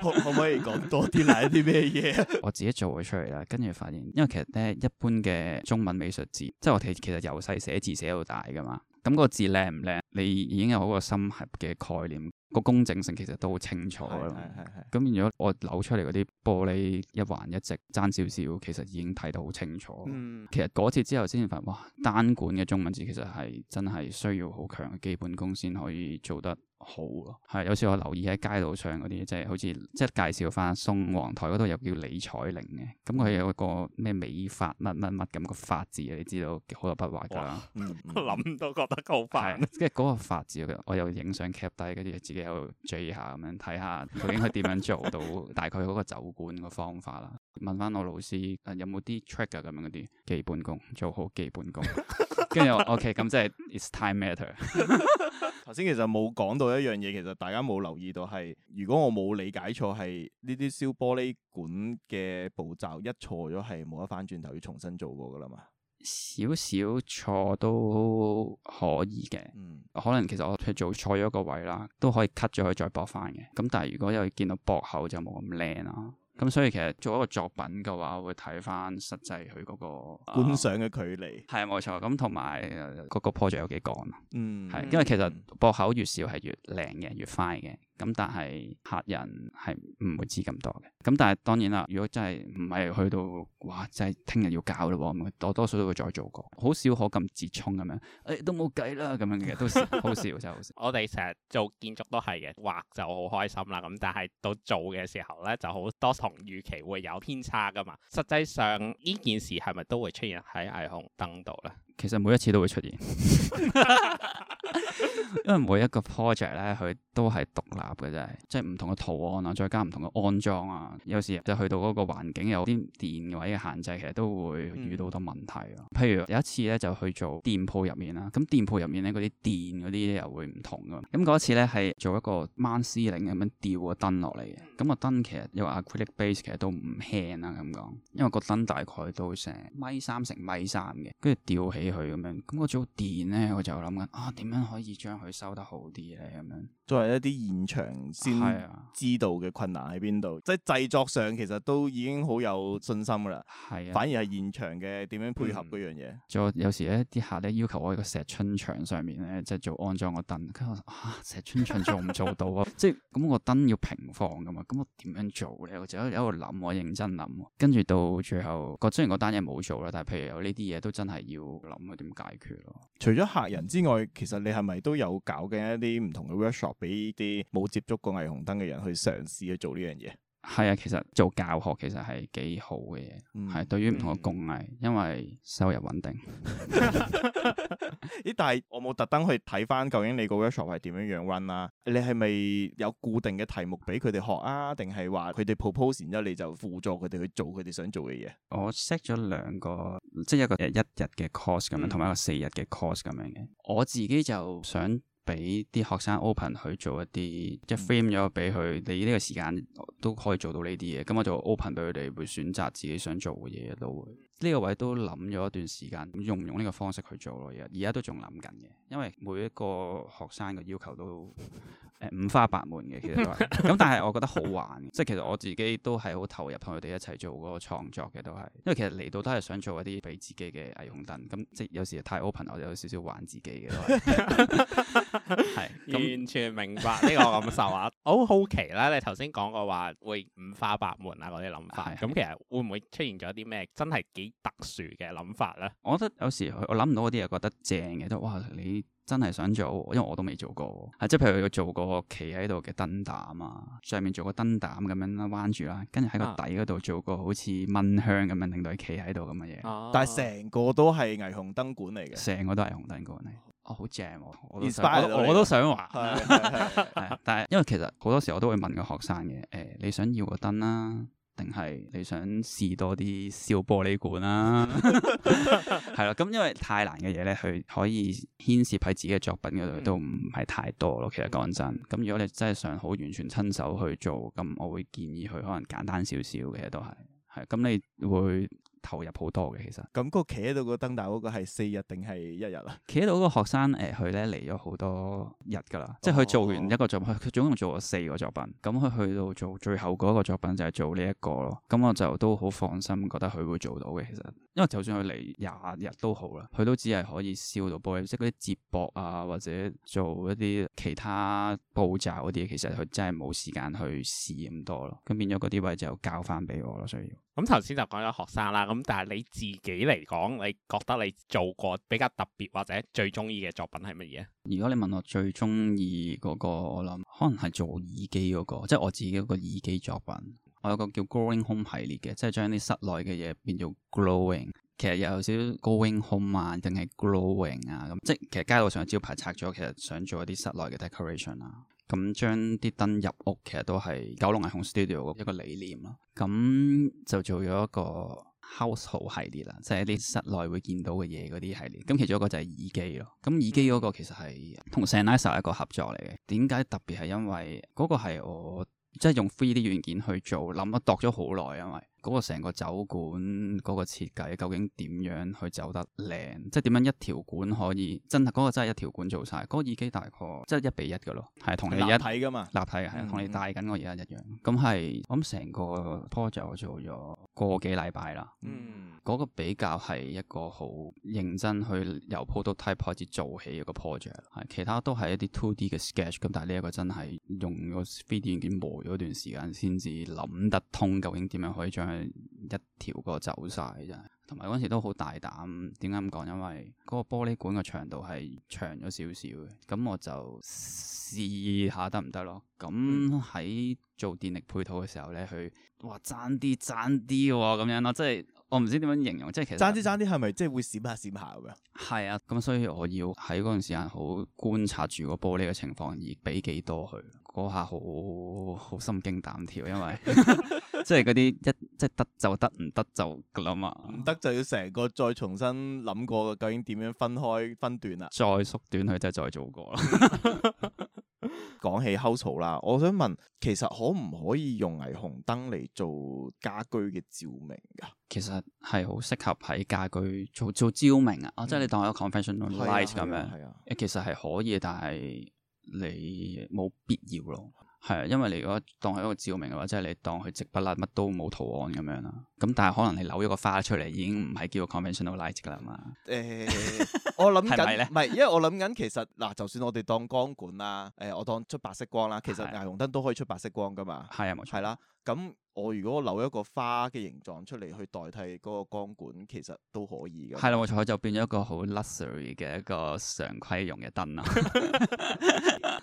可 唔 可以講多啲瀨啲咩嘢？ 我自己做咗出嚟啦，跟住發現，因為其實咧一般嘅中文美術字，即係我哋其實由細寫字寫到大噶嘛，咁、個字靚唔靚，你已經有好個深刻嘅概念。個公正性其實都好清楚咯，咁如果我扭出嚟嗰啲玻璃一環一直爭少少，其實已經睇得好清楚。嗯，其實嗰次之後先發覺，哇，單管嘅中文字其實係真係需要好強嘅基本功先可以做得。好咯、啊，係有次我留意喺街道上嗰啲，、即、就、係、是、好似即係介紹翻宋皇台嗰度又叫李彩玲嘅，咁佢有一個咩美髮乜乜乜咁個髮字，你知道好多筆畫噶，諗都覺得佢好煩，跟住嗰個髮字我又影相 cap 低，跟住自己喺度追下咁樣睇下究竟佢點樣做到大概嗰個走管嘅方法啦， 問翻我老師、啊、有冇啲 track 啊咁樣嗰啲基本功，做好基本功。 跟住 ，OK，咁即係 it's time matter。頭 先其實冇講到一樣嘢，其實大家冇留意到係，如果我冇理解錯，係呢啲燒玻璃管嘅步驟一錯咗，係冇得翻轉頭要重新做過噶啦嘛？少少錯都可以嘅，嗯，可能其實我係做錯咗個位啦，都可以 cut 咗佢再駁翻嘅。咁但係如果又見到駁口就冇咁靚啦。咁所以其實做一個作品嘅話，會睇返實際佢嗰、那個觀賞嘅距離。係啊、嗯，冇錯。咁同埋嗰個 project 有幾趕？嗯，係，因為其實駁口越少係越靚嘅，越 fine 嘅。咁但係客人係唔會知咁多嘅。咁但係當然啦，如果真係唔係去到，哇！真係聽日要搞咯，我多多數都會再做過，好少可咁折衷咁樣。誒、哎、都冇計啦，咁樣嘅都好少，真係好少。我哋成日做建築都係嘅，畫就好開心啦。咁但係到做嘅時候咧，就好多同預期會有偏差噶嘛。實際上呢件事係咪都會出現喺霓虹燈度咧？其實每一次都會出現， 因為每一個 project 咧，佢都係獨立嘅，啫，係即係唔同嘅圖案啊，再加唔同嘅安裝啊，有時就去到個環境有啲電位嘅限制，其實都會遇到好多問題咯。嗯、譬如有一次咧，就去做店鋪入面啦，咁店鋪入面咧啲電嗰啲又會唔同嘅，咁一次咧係做一個 mount ceiling 咁樣吊個燈落嚟嘅，咁、個燈其實又 acrylic base 其實都唔輕啦咁講，因為個燈大概都成米三乘米三嘅，跟住吊起。去咁樣，咁我做電咧，我就諗緊啊，點樣可以將佢收得好啲咧？咁樣作為一啲現場先知道嘅困難喺邊度？啊、即係製作上其實都已經好有信心噶啦，係啊，反而係現場嘅點樣配合嗰樣嘢。仲、嗯、有有時咧，啲客咧要求我喺個石春牆上面咧，即係做安裝個燈。佢話啊，石春牆做唔做到啊？ 即係咁個燈要平放噶嘛？咁我點樣做咧？我就喺度諗，我認真諗。跟住到最後，個雖然個單嘢冇做啦，但係譬如有呢啲嘢都真係要諗。咁啊點解決咯？除咗客人之外，其實你係咪都有搞緊一啲唔同嘅 workshop 俾啲冇接觸過霓虹燈嘅人去嘗試去做呢樣嘢？係啊，其實做教學其實係幾好嘅嘢，係、嗯、對於唔同嘅工藝，因為收入穩定。咦？但係我冇特登去睇翻，究竟你個 workshop 係點樣樣 run 啦？你係咪有固定嘅題目俾佢哋學啊？定係話佢哋 proposal，然之後你就輔助佢哋去做佢哋想做嘅嘢？我 set 咗兩個，即係一個誒一日嘅 course 咁樣，同埋、嗯、一個四日嘅 course 咁樣嘅。我自己就想。俾啲學生 open 去做一啲，即係 frame 咗俾佢，你呢個時間都可以做到呢啲嘢，咁我就 open 到佢哋會選擇自己想做嘅嘢，都會呢個位都諗咗一段時間，用唔用呢個方式去做咯，而而家都仲諗緊嘅，因為每一個學生嘅要求都誒，五花八門嘅，其實都係咁，但係我覺得好玩 即係其實我自己都係好投入同佢哋一齊做嗰個創作嘅，都係，因為其實嚟到都係想做一啲俾自己嘅霓虹燈，咁即係有時太 open，我有少少玩自己嘅都係， 那完全明白呢、這個感受啊！ 我好好奇啦，你頭先講過話會五花八門啊嗰啲諗法，咁是是 其實會唔會出現咗啲咩真係幾特殊嘅諗法咧？我覺得有時我諗唔到嗰啲又覺得正嘅，都哇你～真係想做，因為我都未做過，係即係譬如佢做個企喺度嘅燈膽啊，上面做個燈膽咁樣彎住啦，跟住喺個底嗰度做個好似蚊香咁樣，令到佢企喺度咁嘅嘢。但係成個都係霓虹燈管嚟嘅，成個都係霓虹燈管嚟。哦，好正喎！我都想，想玩，但係因為其實好多時候我都會問個學生嘅，誒、哎，你想要個燈啦。定係你想試多啲燒玻璃管啦、啊，係 啦， 咁因為太難嘅嘢咧，佢可以牽涉喺自己嘅作品嗰度都唔係太多咯。其實講真，咁如果你真係想好完全親手去做，咁我會建議佢可能簡單少少嘅實都係，係咁你會。投入好多嘅，其實咁個企喺度個燈膽嗰個係四日定係一日啊？企喺度嗰個學生誒，佢呢嚟咗好多日㗎啦，哦、即係佢做完一個作品，佢總共做咗四個作品，咁佢去到做最後嗰個作品就係做呢一個咯，咁我就都好放心，覺得佢會做到嘅其實。因為就算佢嚟廿日都好啦，佢都只係可以燒到玻璃，即係嗰啲接駁啊，或者做一啲其他步驟嗰啲，其實佢真係冇時間去試咁多咯。咁變咗嗰啲位就交翻俾我咯。所以，咁頭先就講咗學生啦。咁但係你自己嚟講，你覺得你做過比較特別或者最中意嘅作品係乜嘢？如果你問我最中意嗰個，我諗可能係做耳機嗰個，即係我自己嗰個耳機作品。我有個叫 Growing Home 系列嘅，即係將啲室內嘅嘢變做 Glowing。其實又有少少 Growing Home 啊，定係 Glowing 啊咁。即係其實街道上嘅招牌拆咗，其實想做一啲室內嘅 Decoration 啦、啊。咁將啲燈入屋，其實都係九龍霓虹 Studio 一個理念咯。咁、嗯、就做咗一個 Household 系列啦，即係啲室內會見到嘅嘢嗰啲系列。咁其中一個就係耳機咯。咁耳機嗰個其實係同 Sanisa 一個合作嚟嘅。點解特別係因為嗰個係我。即係用 3D 軟件去做，諗咗度咗好耐，因為。嗰個成個酒館、那個設計究竟點樣去走得靚，即係點樣一條管可以真係、那個真係一條管做晒、那個耳機大概即係一比一嘅咯，係同你一體嘅嘛？立啊，係啊，同、嗯嗯、你帶緊個而家一樣，咁、嗯、係，我諗成個 project 我做咗個幾禮拜啦。嗯，個比較係一個好認真去由 prototype 開始做起一個 project，係其他都係一啲 two D 嘅 sketch 咁，但係呢一個真係用，用個個 e 碟軟件磨咗一段時間先至諗得通，究竟點樣可以將。一條個走晒，真係。同埋嗰陣時都好大膽，點解咁講？因為嗰個玻璃管嘅長度係長咗少少嘅，咁我就試下得唔得咯。咁喺做電力配套嘅時候咧，佢哇爭啲爭啲咁樣咯，即係我唔知點樣形容。即係其實爭啲爭啲係咪即係會閃下閃下咁樣？係啊，咁所以我要喺嗰段時間好觀察住個玻璃嘅情況，而俾幾多去。嗰下好好，好心驚膽跳，因為。 即係嗰啲，一即係得就得，唔得就噶啦嘛。唔得就要成個再重新諗過，究竟點樣分開分段啊再縮短佢，即再做過。講 起摳草啦，我想問，其實可唔可以用霓虹燈嚟做家居嘅照明噶、啊？其實係好適合喺家居做做照明啊！哦、啊，即係你當我有 conventional light 咁樣，係啊，啊啊啊其實係可以，但係你冇必要咯。係啊，因為你如果當係一個照明嘅話，即係你當佢直筆啦，乜都冇圖案咁樣啦。咁、嗯、但係可能你扭一個花出嚟，已經唔係叫做 conventional light 噶啦嘛。誒、欸，我諗緊，唔係， 因為我諗緊其實嗱、啊，就算我哋當光管啦、啊，誒、欸，我當出白色光啦、啊，其實霓虹燈都可以出白色光噶嘛。係啊，冇錯。係啦，咁我如果扭一個花嘅形狀出嚟去代替嗰個光管，其實都可以噶。係啦，冇錯，就變咗一個好 luxury 嘅一個常規用嘅燈啦。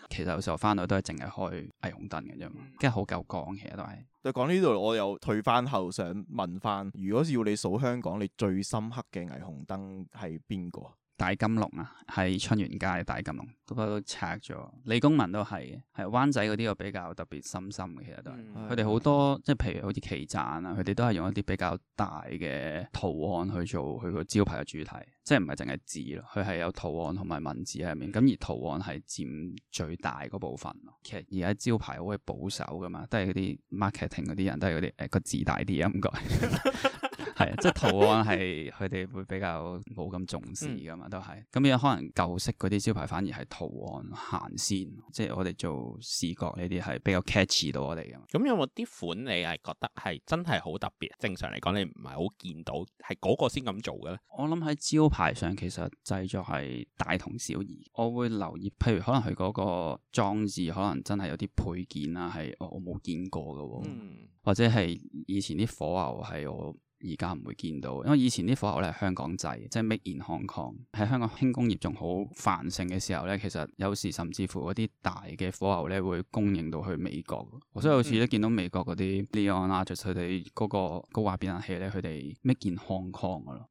其實有時候翻到都係淨係開霓虹燈嘅啫嘛，跟住好夠光嘅都係。就講呢度，我又退翻後，想問翻，如果要你數香港，你最深刻嘅霓虹燈係邊個？大金龍啊，喺春園街大金龍都都拆咗，利工民都係嘅，係灣仔嗰啲我比較特別深深嘅，其實都佢哋好多即係、嗯、譬如好似旗幟啊，佢哋都係用一啲比較大嘅圖案去做佢個招牌嘅主題，即係唔係淨係字咯，佢係有圖案同埋文字喺入面，咁、嗯、而圖案係佔最大嗰部分咯。其實而家招牌好鬼保守噶嘛，都係嗰啲 marketing 嗰啲人，都係嗰啲誒個字大啲啊咁解。 係， 即係圖案係佢哋會比較冇咁重視噶嘛，嗯、都係咁樣可能舊式嗰啲招牌反而係圖案行先，即係我哋做視覺呢啲係比較 catch 到我哋噶。咁有冇啲款你係覺得係真係好特別？正常嚟講你唔係好見到係嗰個先咁做嘅咧。我諗喺招牌上其實製作係大同小異。我會留意，譬如可能佢嗰個裝置可能真係有啲配件啊，係我冇見過噶，嗯、或者係以前啲火牛係我。而家唔會見到，因為以前啲火候咧係香港製，即係 make in Hong Kong。喺香港輕工業仲好繁盛嘅時候咧，其實有時甚至乎嗰啲大嘅火候咧會供應到去美國。所以好似咧見到美國嗰啲 neon 啊，佢哋嗰個高壓變壓器咧，佢哋 make in Hong Kong 嘅咯。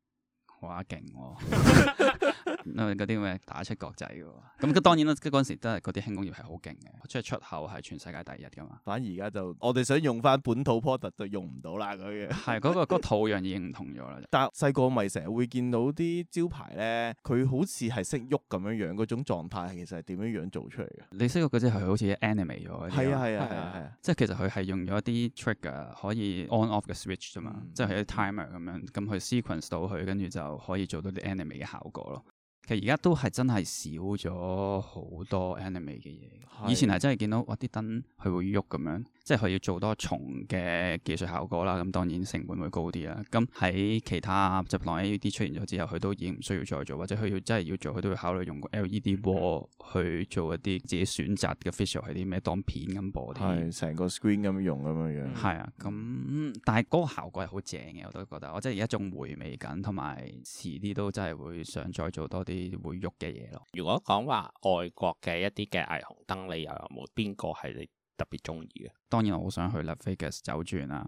哇，勁喎！ 嗰啲咩打出國際嘅？咁當然啦，嗰陣時都係嗰啲輕工業係好勁嘅，即係出口係全世界第一嘅嘛。反而而家就我哋想用翻本土 product 就用唔到啦咁樣。係嗰個嗰土壤已經唔同咗啦。 但細個咪成日會見到啲招牌咧，佢好似係識喐咁樣樣，嗰種狀態其實係點樣樣做出嚟嘅？你識嗰嗰啲係好似 animate 咗？係啊係啊係啊係啊，即係其實佢係用咗啲 trigger 可以 on off 嘅 switch 啫嘛、嗯，即係啲 timer 咁樣，咁去 sequence 到佢，跟住就可以做到啲 animate 嘅效果咯。其實而家都係真係少咗好多 animate 嘅嘢，是的 以前係真係見到哇啲燈佢會喐咁樣。即係佢要做多重嘅技術效果啦，咁當然成本會高啲啦。咁喺其他集光 LED 出現咗之後，佢都已經唔需要再做，或者佢要真係要做，佢都會考慮用 LED 波去做一啲自己選擇嘅 visual 係啲咩，當片咁播啲。係成個 screen 咁用咁樣樣。係啊，咁、嗯、但係嗰個效果係好正嘅，我都覺得。我真係有一種回味緊，同埋遲啲都真係會想再做多啲會喐嘅嘢咯。如果講話外國嘅一啲嘅霓虹燈，你又有冇邊個係你？特別中意嘅，當然我好想去 Las Vegas 走轉啦，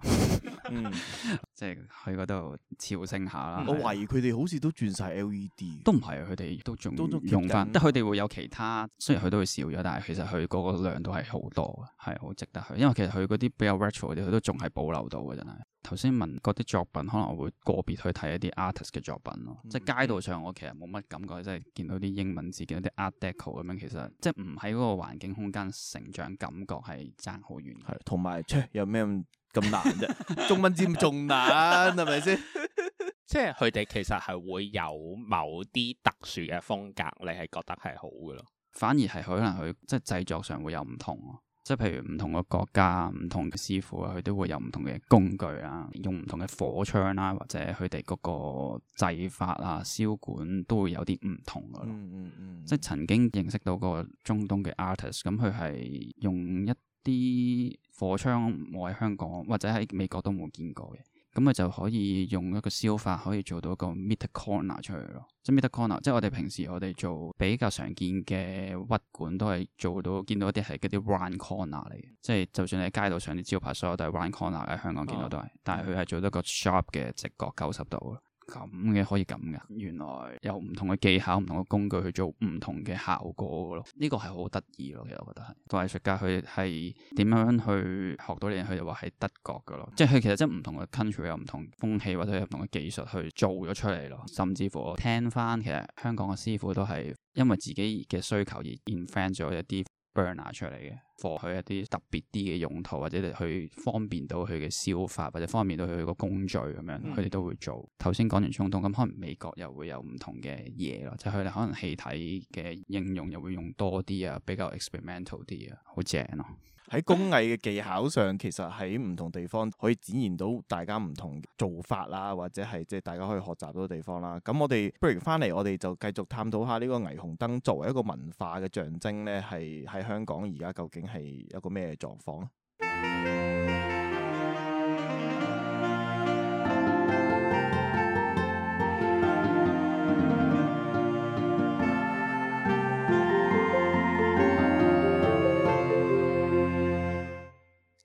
嗯，即係去嗰度朝聖下啦。我懷疑佢哋好似都轉晒 LED，都唔係，佢哋都仲用翻，但佢哋會有其他，雖然佢都會少咗，但係其實佢嗰個量都係好多嘅，係好值得去，因為其實佢嗰啲比較 retro 嗰啲，佢都仲係保留到嘅，真係。頭先問嗰啲作品，可能我會個別去睇一啲 artist 嘅作品咯。嗯、即係街道上，我其實冇乜感覺，即係見到啲英文字、見到啲 art deco 咁樣，其實即係唔喺嗰個環境空間成長，感覺係爭好遠。係同埋，有咩咁難啫？ 中文字仲難係咪先？即係佢哋其實係會有某啲特殊嘅風格，你係覺得係好嘅咯？反而係可能佢即係製作上會有唔同。即係譬如唔同嘅國家，唔同嘅師傅，佢都會有唔同嘅工具啊，用唔同嘅火槍啦，或者佢哋嗰個製法啊，燒管都會有啲唔同㗎。咯、嗯嗯嗯，即係曾經認識到個中東嘅 artist，咁佢係用一啲火槍，我喺香港或者喺美國都冇見過嘅。咁佢、嗯、就可以用一個燒法，可以做到一個 mitre corner 出去咯，即係 mitre corner 即係我哋平時我哋做比較常見嘅屈管都係做到見到一啲係嗰啲 round corner 嚟嘅，即係就算你喺街道上啲招牌，所有都係 round corner 喺香港見到都係，哦、但係佢係做到個 sharp 嘅直角九十度啊。咁嘅可以咁噶，原來有唔同嘅技巧、唔同嘅工具去做唔同嘅效果嘅咯，呢個係好得意咯，其實我覺得，個藝術家佢係點樣去學到呢？佢就話係德國嘅咯，即係佢其實即係唔同嘅 country 有唔同風氣或者有唔同嘅技術去做咗出嚟咯。甚至乎我聽翻其實香港嘅師傅都係因為自己嘅需求而 influence 咗一啲。burner 出嚟嘅貨，佢一啲特別啲嘅用途，或者去方便到佢嘅消化，或者方便到佢個工序咁樣，佢哋都會做。頭先講完中東，咁可能美國又會有唔同嘅嘢咯，就係佢哋可能氣體嘅應用又會用多啲啊，比較 experimental 啲啊，好正係咯。喺工藝嘅技巧上，其實喺唔同地方可以展現到大家唔同做法啦，或者係即係大家可以學習到嘅地方啦。咁我哋不如翻嚟，我哋就繼續探討下呢個霓虹燈作為一個文化嘅象徵咧，係喺香港而家究竟係一個咩狀況咧？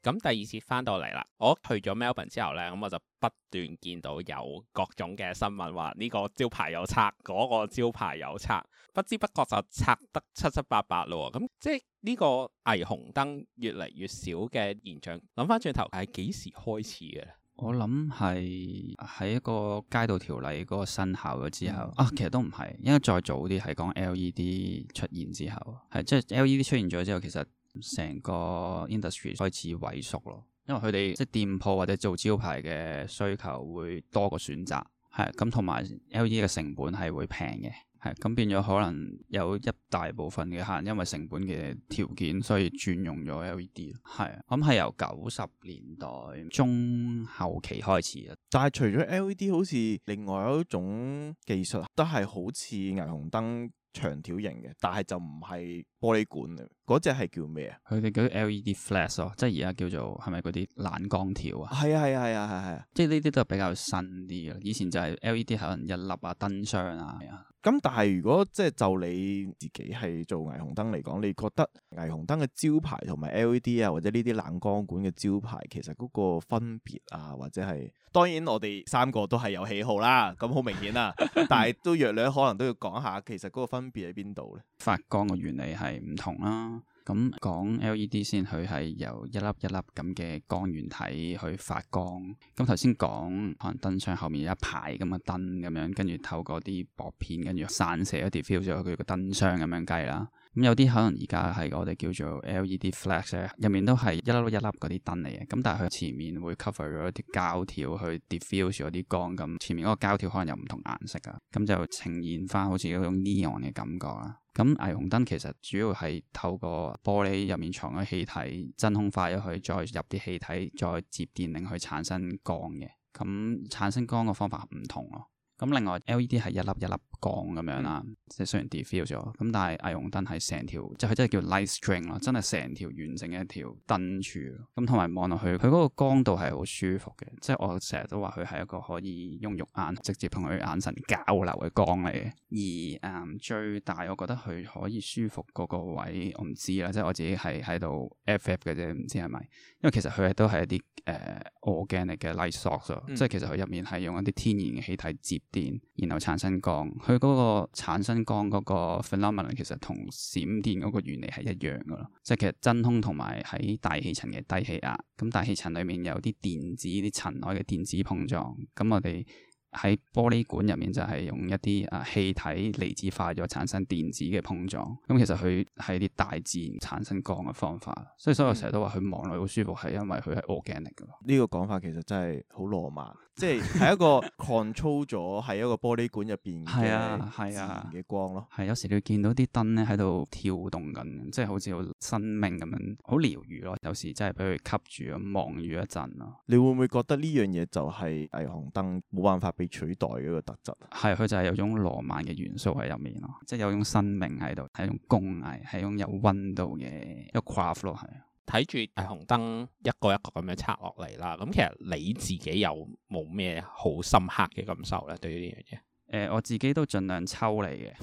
咁第二次翻到嚟啦，我去咗 Melbourne 之後咧，咁我就不斷見到有各種嘅新聞話呢個招牌有拆，嗰個招牌有拆，不知不覺就拆得七七八八咯。咁即係呢個霓虹燈越嚟越少嘅現象。諗翻轉頭係幾時開始嘅咧？我諗係喺一個街道條例嗰個生效咗之後啊，其實都唔係，應該再早啲係講 LED 出現之後，係即係 LED 出現咗之後，其實。成個 industry 開始萎縮咯，因為佢哋即係店鋪或者做招牌嘅需求會多過選擇，係咁同埋 LED 嘅成本係會平嘅，係咁變咗可能有一大部分嘅客人因為成本嘅條件，所以轉用咗 LED，係咁係由九十年代中後期開始啦。但係除咗 LED，好似另外有一種技術都係好似霓虹燈。長條型嘅，但係就唔係玻璃管嘞。嗰隻係叫咩啊？佢哋叫 LED flash 咯，即係而家叫做係咪嗰啲冷光條啊？係啊係啊係啊係係啊，即係呢啲都係比較新啲嘅，以前就係 LED 可能一粒啊燈箱啊。咁但係如果即係就你自己係做霓虹燈嚟講，你覺得霓虹燈嘅招牌同埋 LED 啊，或者呢啲冷光管嘅招牌，其實嗰個分別啊，或者係，當然我哋三個都係有喜好啦，咁好明顯啦， 但係都若兩可能都要講下，其實嗰個分別喺邊度咧？發光嘅原理係唔同啦。咁講 LED 先，佢係由一粒一粒咁嘅光源體去發光。咁頭先講可能燈箱後面有一排咁嘅燈咁樣，跟住透過啲薄片，跟住散射咗 diffuse 咗佢個燈箱咁樣計啦。咁有啲可能而家係我哋叫做 LED flash 入面都係一粒一粒嗰啲燈嚟嘅。咁但係佢前面會 cover 咗啲膠條去 diffuse 咗啲光，咁前面嗰個膠條可能有唔同顏色啊，咁就呈現返好似一種 Neon 嘅感覺啦。咁霓虹燈其實主要係透過玻璃入面藏咗氣體，真空化咗佢，再入啲氣體，再接電令佢產生光嘅，咁產生光嘅方法唔同咯。咁另外 LED 係一粒一粒光咁樣啦，即係雖然 diffuse 咗，咁但係霓虹燈係成條，即係佢真係叫 light string 咯，真係成條完整嘅一條燈柱。咁同埋望落去，佢嗰個光度係好舒服嘅，即係我成日都話佢係一個可以用肉眼直接同佢眼神交流嘅光嚟嘅，而誒、嗯、最大，我覺得佢可以舒服嗰個位，我唔知啦，即係我自己係喺度 FF 嘅啫，唔知係咪？因為其實佢都係一啲誒、uh, organic 嘅 light source，、嗯、即係其實佢入面係用一啲天然嘅氣體接。電，然後產生光，佢嗰個產生光嗰個 phenomenon 其實同閃電嗰個原理係一樣噶咯，即係其實真空同埋喺大氣層嘅低氣壓，咁大氣層裏面有啲電子，啲塵埃嘅電子碰撞，咁我哋喺玻璃管入面就係用一啲啊氣體離子化咗產生電子嘅碰撞，咁其實佢係啲大自然產生光嘅方法，所以所以我成日都話佢望落好舒服係因為佢係 organic 噶，呢個講法其實真係好浪漫。 即係喺一個 control 咗喺一個玻璃管入邊嘅嘅光咯，係、 啊啊、有時你會見到啲燈咧喺度跳動緊，即、就、係、是、好似有生命咁樣，好療愈咯。有時真係俾佢吸住咁望住一陣咯。你會唔會覺得呢樣嘢就係霓虹燈冇辦法被取代嘅一個特質？係佢、啊、就係有種羅曼嘅元素喺入面咯，即係有種生命喺度，係一種工藝，係一種有溫度嘅。有 craft 咯，係、啊。睇住霓虹燈一個一個咁樣拆落嚟啦，咁其實你自己有冇咩好深刻嘅感受咧？對於呢樣嘢？誒我自己都盡量抽你嘅，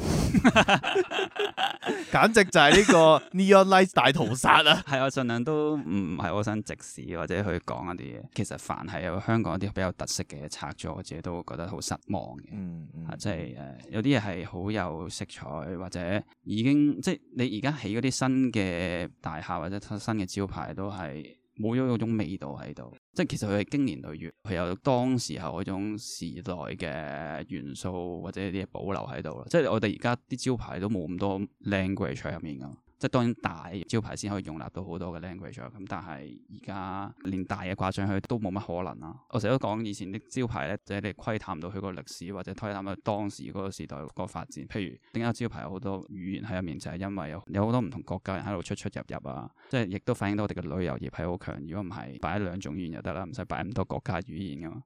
簡直就係呢個 neon lights 大屠殺啊！係，我盡量都唔唔係好想直視或者去講一啲嘢。其實凡係有香港一啲比較特色嘅拆咗，我自己都會覺得好失望嘅、嗯。嗯即係誒，有啲嘢係好有色彩，或者已經即係你而家起嗰啲新嘅大廈或者新嘅招牌，都係冇咗嗰種味道喺度。即係其實佢係經年累月，佢有當時候嗰種時代嘅元素，或者啲嘢保留喺度啦。即係我哋而家啲招牌都冇咁多 language 喺入面㗎嘛。即係當然大招牌先可以容納到好多嘅 language，咁但係而家連大嘅掛上去都冇乜可能啦。我成日都講以前啲招牌咧，即係你窺探到佢個歷史，或者窺探到當時嗰個時代個發展。譬如點解招牌有好多語言喺入面，就係因為有有好多唔同國家人喺度出出入入啊，即係亦都反映到我哋嘅旅遊業係好強。如果唔係擺兩種語言就得啦，唔使擺咁多國家語言噶嘛。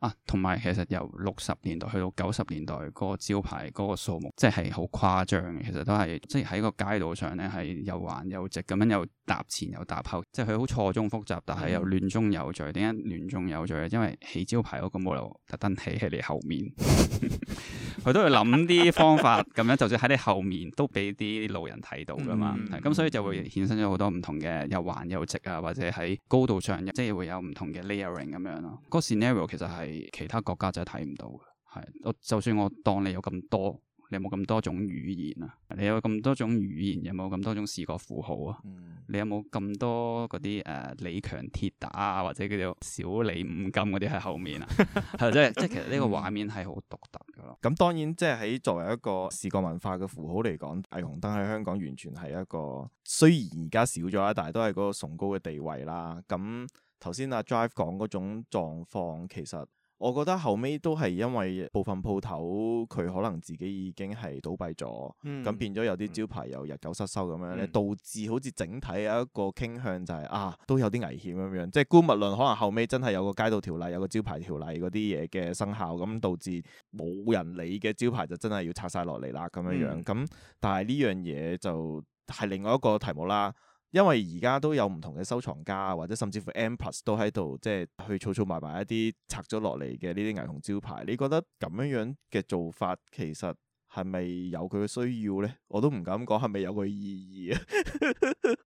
啊，同埋其實由六十年代去到九十年代，個招牌嗰個數目即係好誇張嘅。其實都係即係喺個街道上咧，係又橫又直咁樣又搭前又搭後，即係佢好錯綜複雜，但係又亂中有序。點解亂中有序啊？因為起招牌嗰個冇理由特登起喺你後面，佢 都會諗啲方法咁樣， 就算喺你後面都俾啲路人睇到噶嘛。咁所以就會衍生咗好多唔同嘅又橫又直啊，或者喺高度上即係會有唔同嘅 layering 咁樣咯。那個 scenario 其實係。其他國家就係睇唔到嘅，係我就算我當你有咁多，你有冇咁多種語言啊？你有咁多種語言，有冇咁多種視覺符號啊？嗯、你有冇咁多嗰啲誒，李強鐵打啊，或者叫做小李五金嗰啲喺後面啊？係 即係即係其實呢個畫面係好獨特嘅咯。咁、 嗯、當然即係喺作為一個視覺文化嘅符號嚟講，霓虹燈喺香港完全係一個雖然而家少咗啦，但係都係嗰個崇高嘅地位啦。咁頭先阿 Jive 講嗰種狀況，其實。我覺得後尾都係因為部分鋪頭佢可能自己已經係倒閉咗，咁、嗯、變咗有啲招牌又日久失修咁樣咧，嗯、導致好似整體有一個傾向就係、是、啊都有啲危險咁樣，即係姑勿論可能後尾真係有個街道條例、有個招牌條例嗰啲嘢嘅生效，咁導致冇人理嘅招牌就真係要拆晒落嚟啦咁樣樣。咁但係呢樣嘢就係另外一個題目啦。因為而家都有唔同嘅收藏家，或者甚至乎 M Plus 都喺度，即係去儲儲埋埋一啲拆咗落嚟嘅呢啲霓虹招牌。你覺得咁樣樣嘅做法，其實係咪有佢嘅需要呢？我都唔敢講係咪有佢意義啊。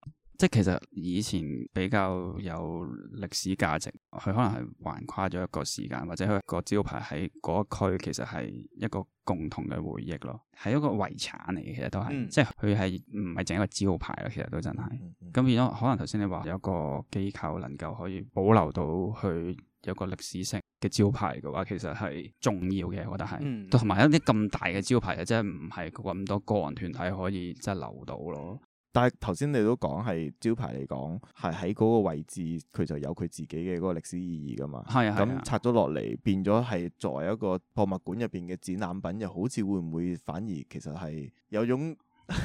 即係其實以前比較有歷史價值，佢可能係橫跨咗一個時間，或者佢個招牌喺嗰一區，其實係一個共同嘅回憶咯，係一個遺產嚟嘅，其實都係，嗯、即係佢係唔係淨係一個招牌咯，其實都真係。咁變咗，嗯、可能頭先你話有一個機構能夠可以保留到佢有個歷史性嘅招牌嘅話，其實係重要嘅，我覺得係。同埋、嗯、一啲咁大嘅招牌，其實真係唔係咁多個人團體可以即係留到咯。但係頭先你都講係招牌嚟講，係喺嗰個位置佢就有佢自己嘅嗰個歷史意義㗎嘛。係啊，咁拆咗落嚟變咗係作為一個博物館入邊嘅展覽品，又好似會唔會反而其實係有種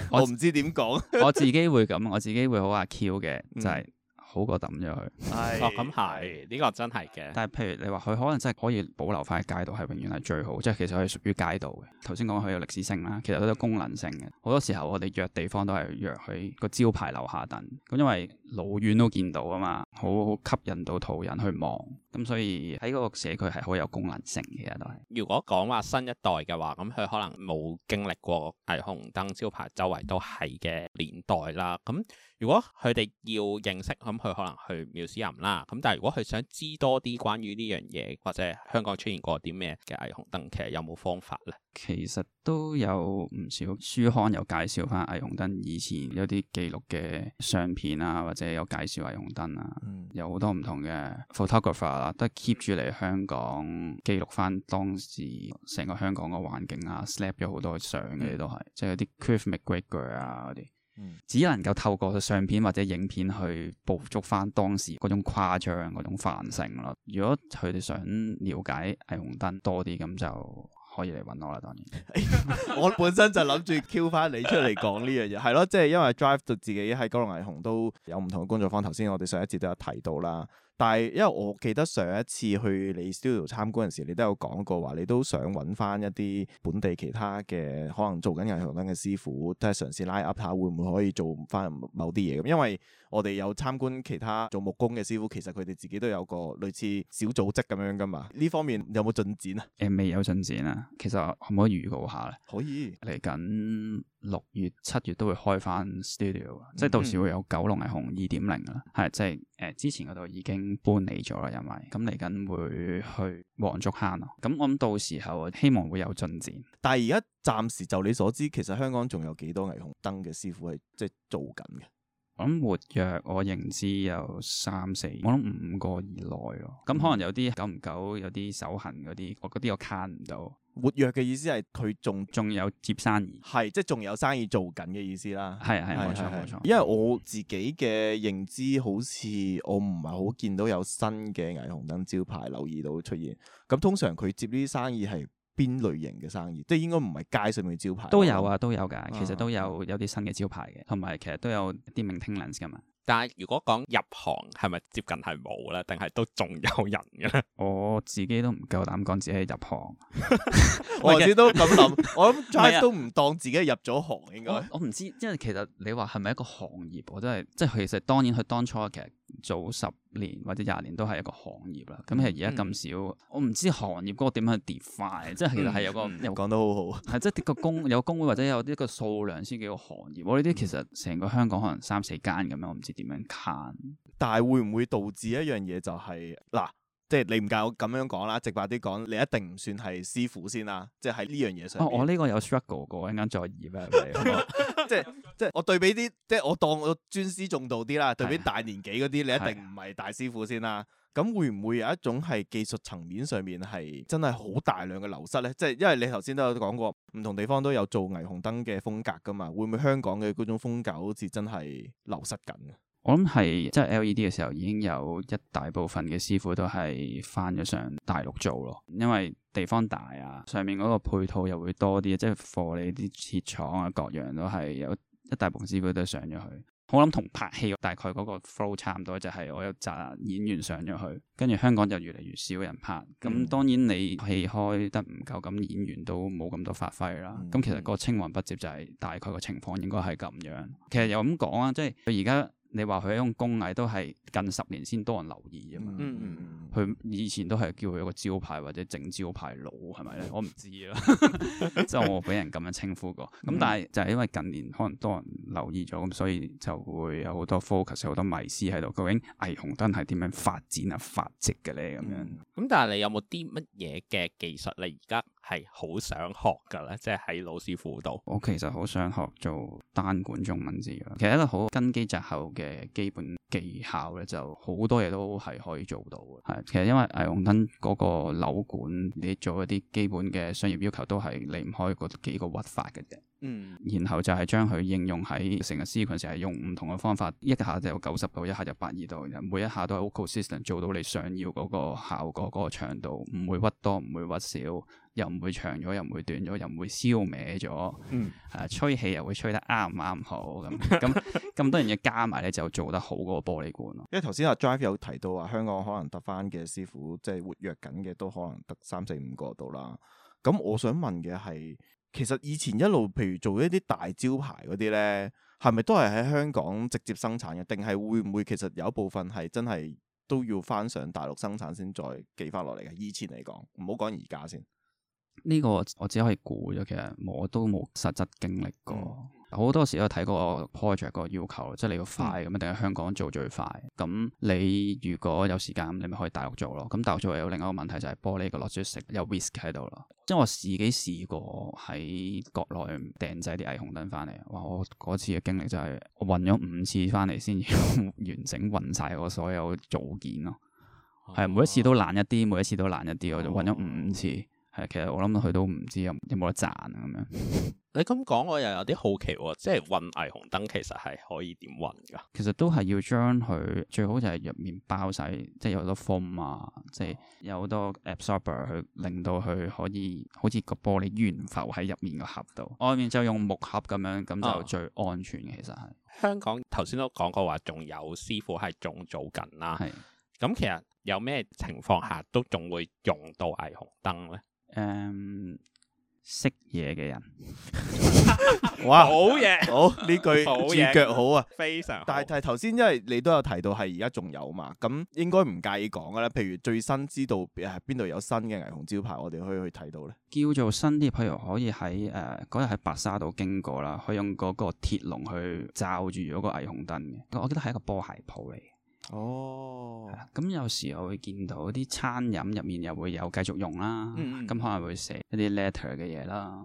我唔 知點講自， 我自己會咁，我自己會好阿 Q 嘅就係、是。嗯好過抌咗佢，哦咁係，呢個真係嘅。但係譬如你話佢可能真係可以保留翻喺街道，係永遠係最好，即係其實佢屬於街道嘅。頭先講佢有歷史性啦，其實都有功能性嘅。好多時候我哋約地方都係約喺個招牌樓下等，咁因為老遠都見到啊嘛，好好吸引到途人去望，咁所以喺個社區係好有功能性嘅一代。如果講話新一代嘅話，咁佢可能冇經歷過霓虹燈招牌周圍都係嘅年代啦，咁。如果佢哋要認識咁，佢可能去 museum 啦。咁但係如果佢想知多啲關於呢樣嘢，或者香港出現過啲咩嘅霓虹燈，其實有冇方法咧？其實都有唔少書刊有介紹翻霓虹燈以前有啲記錄嘅相片啊，或者有介紹霓虹燈啊。嗯、有好多唔同嘅 photographer 啊，都 keep 住嚟香港、嗯、記錄翻當時成個香港個環境啊，snap 咗好多相嘅、嗯、都係，即係有啲 Greg Girard 啊啲。只能夠透過相片或者影片去捕捉翻當時嗰種誇張，嗰種繁盛咯。如果佢哋想了解霓虹燈多啲，咁就可以嚟搵我啦。當然， 我本身就諗住 call 翻你出嚟講呢樣嘢，係咯，即係因為 Jive 到自己喺九龍霓虹都有唔同嘅工作坊。頭先我哋上一節都有提到啦。但係因為我記得上一次去你 studio 參觀嗰陣時候，你都有講過話，你都想揾翻一啲本地其他嘅可能做緊霓虹燈嘅師傅，都係嘗試拉 Up 下，會唔會可以做翻某啲嘢咁？因為我哋有參觀其他做木工嘅師傅，其實佢哋自己都有個類似小組織咁樣噶嘛。呢方面有冇進展啊？誒、呃，未有進展啊。其實可唔可以預告下咧？可以。嚟緊六月、七月都會開翻 studio，、嗯嗯、即係到時會有九龍霓虹二點零啦。係、嗯，即係誒、呃、之前嗰度已經。搬離咗啦，因為咁嚟緊會去黃竹坑咯。咁我諗到時候希望會有進展。但係而家暫時就你所知，其實香港仲有幾多霓虹燈嘅師傅係即係做緊嘅？我諗活躍，我認知有三四，我諗五個以內咯。咁可能有啲久唔久，有啲手痕嗰啲，我嗰啲我卡唔到。活躍嘅意思係佢仲仲有接生意，係即係仲有生意做緊嘅意思啦。係，係冇錯冇錯。因為我自己嘅認知，好似我唔係好見到有新嘅霓虹燈招牌留意到出現。咁通常佢接呢啲生意係。邊類型嘅生意，即係應該唔係街上面嘅招牌，都有啊，都有噶，其實都有有啲新嘅招牌嘅，同埋其實都有啲 maintenance 噶嘛。但係如果講入行，係咪接近係冇咧，定係都仲有人嘅咧？我自己都唔夠膽講自己入行， 我自己都咁諗， 啊、我都都唔當自己入咗行應該，應該我唔知，因為其實你話係咪一個行業，我都係，即係其實當然佢當初嘅。早十年或者廿年都係一個行業啦，咁其實而家咁少，嗯、我唔知行業嗰個點樣去 define，即係、嗯、其實係有個又講得好好，係即係個工有工會或者有啲個數量先叫行業，嗯、我呢啲其實成個香港可能三四間咁樣，我唔知點樣 count 但係會唔會導致一樣嘢就係、是、嗱？即係你唔教咁樣講啦，直白啲講，你一定唔算係師傅先啦。即係喺呢樣嘢上，哦、我呢個有 struggle 過，啱啱再二 b a c 即係即係我對比啲，即係我當我尊師重道啲啦。對比大年紀嗰啲，你一定唔係大師傅先啦。咁會唔會有一種係技術層面上面係真係好大量嘅流失咧？即係因為你頭先都有講過，唔同地方都有做霓虹燈嘅風格噶嘛，會唔會香港嘅嗰種風格好似真係流失緊我諗係即係 LED 嘅時候，已經有一大部分嘅師傅都係翻咗上大陸做咯，因為地方大啊，上面嗰個配套又會多啲，即係貨你啲設廠啊，各樣都係有一大部分師傅都上咗去。我諗同拍戲大概嗰個 flow 差唔多，就係我有集演員上咗去，跟住香港就越嚟越少人拍。咁當然你戲開得唔夠，咁演員都冇咁多發揮啦。咁其實個青黃不接就係大概個情況，應該係咁樣。其實又咁講啊，即係佢而家。你話佢一種工藝都係近十年先多人留意啫嘛，佢、嗯嗯、以前都係叫佢一個招牌或者整招牌佬係咪咧？是是 我唔知啦、啊，就 我俾人咁樣稱呼過。咁但係就係因為近年可能多人留意咗，咁所以就會有好多 focus，好多迷思喺度。究竟霓虹燈係點樣發展啊、發跡嘅咧？咁樣咁、嗯、但係你有冇啲乜嘢嘅技術你而家？係好想學㗎咧，即係喺老師輔導。我其實好想學做單管中文字嘅，其實一個好根基扎厚嘅基本技巧咧，就好多嘢都係可以做到嘅。係，其實因為霓虹燈嗰個扭管，你做一啲基本嘅商業要求，都係離唔開嗰幾個屈法嘅啫。嗯，然後就係將佢應用喺成個施訓時，係用唔同嘅方法，一,一下就九十度，一,一下就八二度，每一下都係 local system 做到你想要嗰個效果、嗰、嗰個長度，唔會屈多，唔會屈少。又唔會長咗，又唔會短咗，又唔會燒歪咗。嗯，誒、呃、吹氣又會吹得啱唔啱好咁。咁咁多人嘢加埋咧，就做得好個玻璃管。因為頭先阿 Jive 有提到話，香港可能得翻嘅師傅，即係活躍緊嘅都可能得三四五個度啦。咁我想問嘅係，其實以前一路譬如做一啲大招牌嗰啲咧，係咪都係喺香港直接生產嘅？定係會唔會其實有一部分係真係都要翻上大陸生產先再寄翻落嚟嘅？以前嚟講，唔好講而家先。呢個我只可以估咗，其實我都冇實質經歷過。好、嗯、多時都睇過個 project 個要求，即係你要快咁一定喺香港做最快咁？你如果有時間，你咪可以大陸做咯。咁大陸做有另外一個問題就係、是、玻璃個落珠食，有 risk 喺度咯。即係我自己試過喺國內訂製啲霓虹燈翻嚟，哇！我嗰次嘅經歷就係、是、我運咗五次翻嚟先完整運晒我所有組件咯。係每一次都爛一啲，每一次都爛一啲，一一哦、我就運咗五次。係，其實我諗佢都唔知有有冇得賺啊。咁樣你咁講，我又有啲好奇、哦，即係運霓虹燈其實係可以點運噶？其實都係要將佢最好就係入面包晒，即係有好多風啊，即係有好多 absorber 去令到佢可以好似個玻璃懸浮喺入面個盒度。外面就用木盒咁樣，咁就最安全嘅。其實係、啊、香港頭先都講過話，仲有師傅係仲做緊啦。係咁是，其實有咩情況下都仲會用到霓虹燈咧？誒，識嘢嘅人， 哇， 好嘢，好呢 句字腳 好啊， 非常好。但係但係頭先，因為你都有提到係而家仲有嘛，咁應該唔介意講嘅咧。譬如最新知道誒邊度有新嘅霓虹招牌，我哋可以去睇到咧。叫做新啲，譬如可以喺誒嗰日喺白沙道經過啦，可以用嗰個鐵籠去罩住咗個霓虹燈嘅。我我記得係一個波鞋鋪嚟。哦，咁有時候我會見到啲餐飲入面又會有繼續用啦，咁、嗯嗯、可能會寫一啲 letter 嘅嘢啦。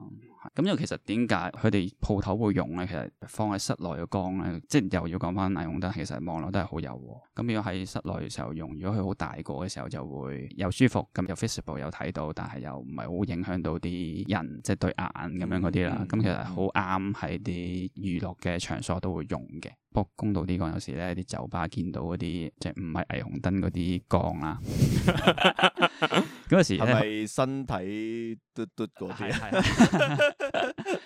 咁因為其實點解佢哋鋪頭會用咧？其實放喺室內嘅光咧，即係又要講翻霓虹燈，其實望落都係好柔和。咁如果喺室內嘅時候用，如果佢好大個嘅時候，就會又舒服，咁又 visible 有睇到，但係又唔係好影響到啲人即係、就是、對眼咁樣嗰啲啦。咁、嗯嗯嗯、其實好啱喺啲娛樂嘅場所都會用嘅。不過公道啲講，有時咧喺啲酒吧見到嗰啲即係唔係霓虹燈嗰啲光啊，嗰時咧係咪身體嘟嘟嗰啲，